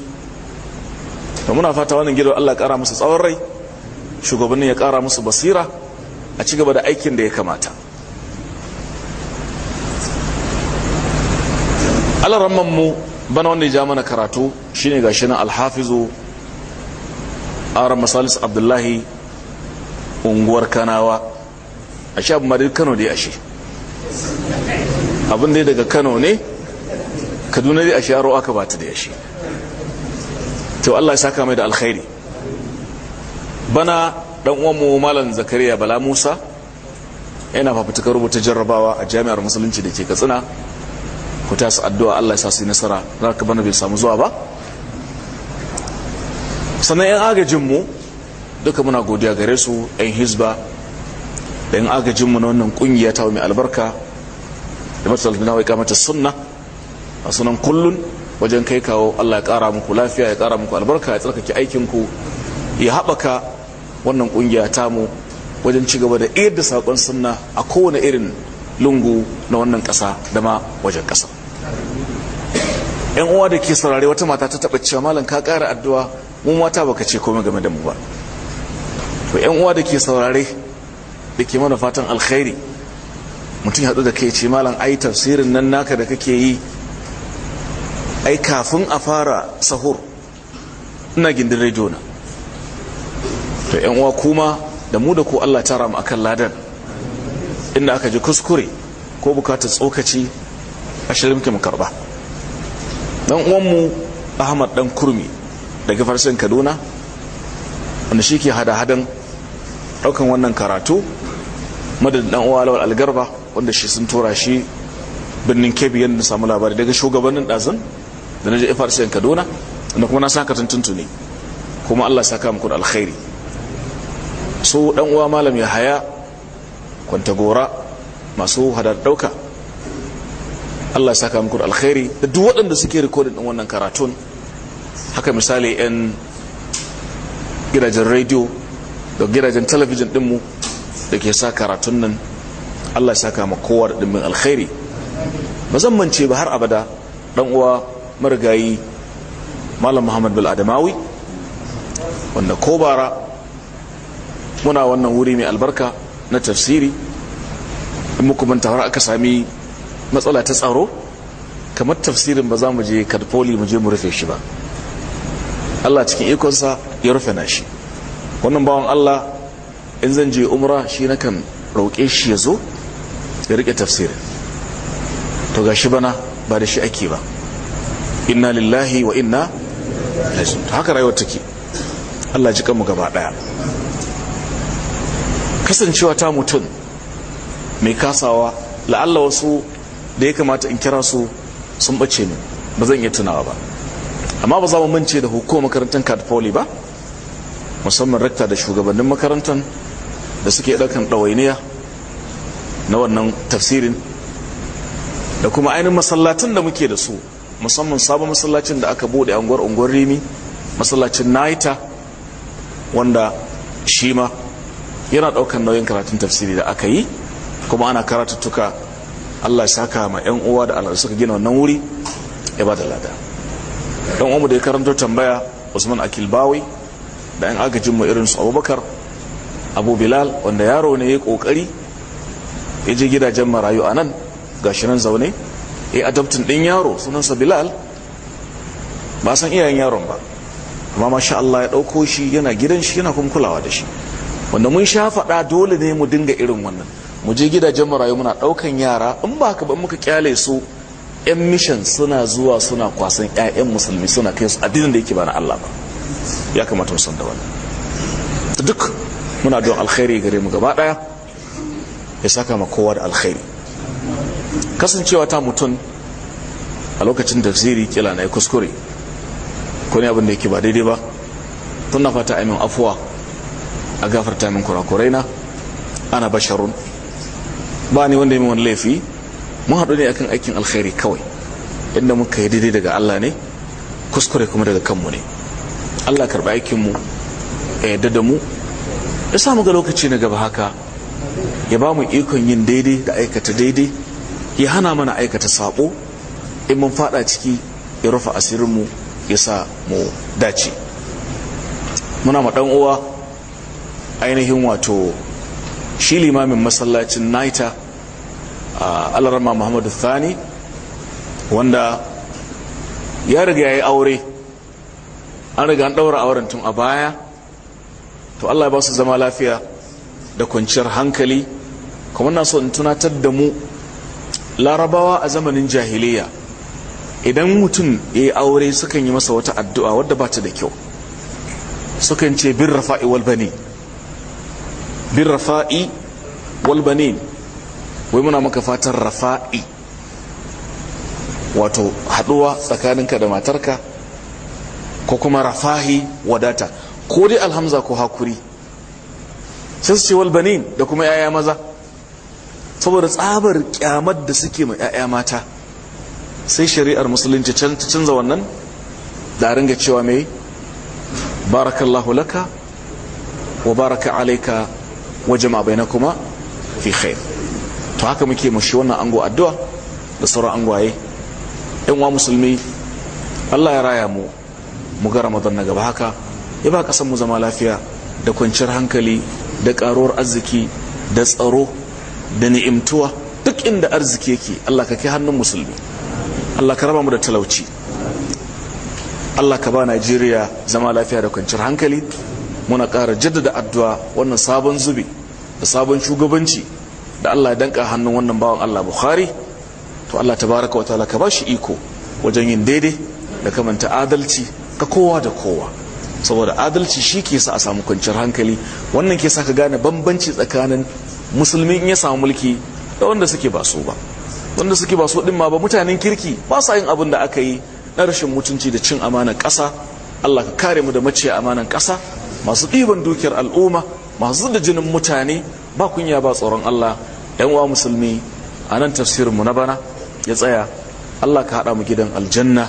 da muna fata wannan gidan allah kara musu tsawon rai shugabannin ya kara musu basira a ci gaba da aikin da ya kamata alaramman mu bana wanda ya ja mana karatu shine gashi na alhafizu aran masalis abdullahi unguwar kanawa a sha abin kano dai ashe abin dai daga kano ne kaduna dai ashe yaro aka bata da ashe to allah ya saka mai da alkhairi bana dan uwanmu malam zakariya bala musa yana fafutukar rubuta jarrabawa a jami'ar musulunci da ke katsina ku ta su addu'a Allah ya sa su yi nasara za ka bana bai samu zuwa ba sannan 'yan agajinmu duka muna godiya gare su 'yan hisba da 'yan agajinmu na wannan kungiya ta mai albarka da matsalar na waika mata sunna a sunan kullun wajen kai kawo Allah ya kara muku lafiya ya kara muku albarka ya tsarkake aikinku ya haɓaka wannan kungiya mu wajen ci gaba da iya da saƙon sunna a kowane irin lungu na wannan ƙasa da ma wajen ƙasa yan uwa da ke saurare wata mata ta taba cewa malam ka kara addu'a mu mata baka ce komai game da mu ba to yan uwa da ke saurare da ke mana fatan alkhairi mutum ya haɗu da kai ce malam ai tafsirin nan naka da kake yi ai kafin a fara sahur ina gindin rediyo na to yan uwa kuma da mu da ku Allah ta ramu akan ladan inda aka ji kuskure ko bukatar tsokaci a muke mu karba dan uwanmu ahmad dan kurmi daga farsin kaduna wanda shi ke hada-hadan daukan wannan karatu madadin dan uwa alawar algarba wanda shi sun tura shi birnin kebbi yadda samu labari daga shugabannin ɗazin da na je farsin kaduna da kuma na saka tuntuni kuma allah saka muku da alkhairi so dan uwa malam ya haya kwanta masu hada dauka Allah ya saka muku alkhairi da duk waɗanda suke rikodin ɗin wannan karatun haka misali 'yan gidajen rediyo da gidajen talabijin ɗinmu da ke sa karatun nan Allah ya saka ma kowa da ɗimbin alkhairi ba zan mance ba har abada ɗan uwa marigayi malam muhammad bil adamawi wanda ko bara muna wannan wuri mai albarka na tafsiri in muku manta har aka sami matsala ta tsaro kamar tafsirin ba za mu je kadfoli mu je mu rufe shi ba Allah cikin ikonsa ya rufe na shi wannan bawan Allah in zan je umra shi na kan roƙe shi ya zo ya rike tafsirin to ga shi bana ba da shi ake ba inna lillahi wa inna ilaihi haka rayuwar take Allah ji kanmu gaba daya kasancewa ta mutum mai kasawa la'alla wasu da ya kamata in kira su sun bace ni ba zan iya tunawa ba amma ba za mu mance da hukumar makarantar katfoli ba musamman rakta da shugabannin makarantar da suke ɗaukan ɗawainiya na wannan tafsirin da kuma ainihin masallacin da muke da su musamman sabon masallacin da aka bude unguwar unguwar rimi masallacin naita wanda shi ma yana ɗaukan nauyin karatun tafsiri da aka yi kuma ana karatuttuka Allah ya saka ma yan uwa da Allah suka gina wannan wuri ya ba da lada dan uwanmu da ya karanto tambaya Usman Akilbawi da yan agajin mu irin su Abubakar Abu Bilal wanda yaro ne ya kokari ya je gidajen marayu a nan gashi nan zaune ya adoptin din yaro sunansa Bilal ba san iyayen yaron ba amma masha Allah ya dauko shi yana gidan shi yana kuma kulawa da shi wanda mun sha faɗa dole ne mu dinga irin wannan mu je gidajen marayu muna ɗaukan yara in ba ka ba muka kyale su yan mishan suna zuwa suna kwasan 'ya'yan musulmi suna kai su addinin da yake ba na Allah ba ya kamata mu san da wannan duk muna don alkhairi gare mu gaba daya ya saka ma kowa da alkhairi kasancewa ta mutun a lokacin ziri kila na ya kuskure ko ne abin da yake ba daidai ba tun na fata amin afuwa a gafarta min kurakurai na ana basharun ba ne wanda ya wani laifi mun haɗu ne akan aikin alkhairi kawai inda muka yi daidai daga Allah ne kuskure kuma daga kanmu ne Allah karɓi aikinmu ya yarda da mu ya samu ga lokaci na gaba haka ya ba mu ikon yin daidai da aikata daidai ya hana mana aikata saɓo in mun fada ciki ya rufe asirinmu ya sa mu dace muna ma ɗan uwa ainihin wato shi limamin masallacin naita a alarama muhammadu thani wanda ya riga ya yi aure an riga an ɗaura auren tun a baya to allah ba su zama lafiya da kwanciyar hankali kuma na so in tunatar da mu larabawa a zamanin jahiliya idan mutum ya yi aure sukan yi masa wata addu'a wadda ba ta da kyau sukan ce bin rafa'i wal bani bin rafa'i walbanin wai muna maka fatan rafa'i wato haduwa tsakaninka da matarka ko kuma rafahi wadata ko dai alhamza ko hakuri sai walbanin da kuma yaya maza saboda tsabar kyamar da suke mai yaya mata sai shari'ar musulunci canza wannan da ringa cewa mai barakallahu laka wa baraka alaika wajen ma na kuma fi khair to haka muke mashi wannan ango addu'a da sauran angwaye ɗan wa musulmi Allah ya raya mu mu ga Ramadan na gaba haka ya ba kasan mu zama lafiya da kwanciyar hankali da karuwar arziki da tsaro da ni'imtuwa duk inda arziki yake Allah ka kai hannun musulmi Allah ka raba mu da talauci Allah ka ba Najeriya zama lafiya da kwanciyar hankali muna ƙara jaddada addu'a wannan sabon zubi da sabon shugabanci da Allah ya danka hannun wannan bawan Allah Bukhari to Allah tabaraka wa ta'ala ka bashi iko wajen yin daidai da kamanta adalci ga kowa da kowa saboda adalci shi ke sa a samu kwanciyar hankali wannan ke sa ka gane bambanci tsakanin musulmi in ya samu mulki da wanda suke ba so ba wanda suke ba so din ma ba mutanen kirki ba sa yin abin da aka yi na rashin mutunci da cin amanar ƙasa Allah ka kare mu da maciya amanar ƙasa masu ɗiban dukiyar al'umma masu da jinin mutane ba kunya ba tsoron Allah yan wa musulmi a nan tafsirinmu na bana ya tsaya Allah ka haɗa mu gidan aljanna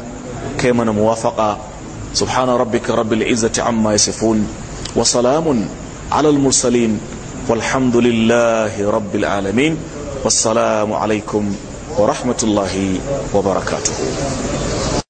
kai mana muwafaƙa subhana rabbika rabbil izzati amma yasifun wa salamun alal mursalin walhamdulillahi rabbil alamin wassalamu alaikum wa rahmatullahi wa barakatuhu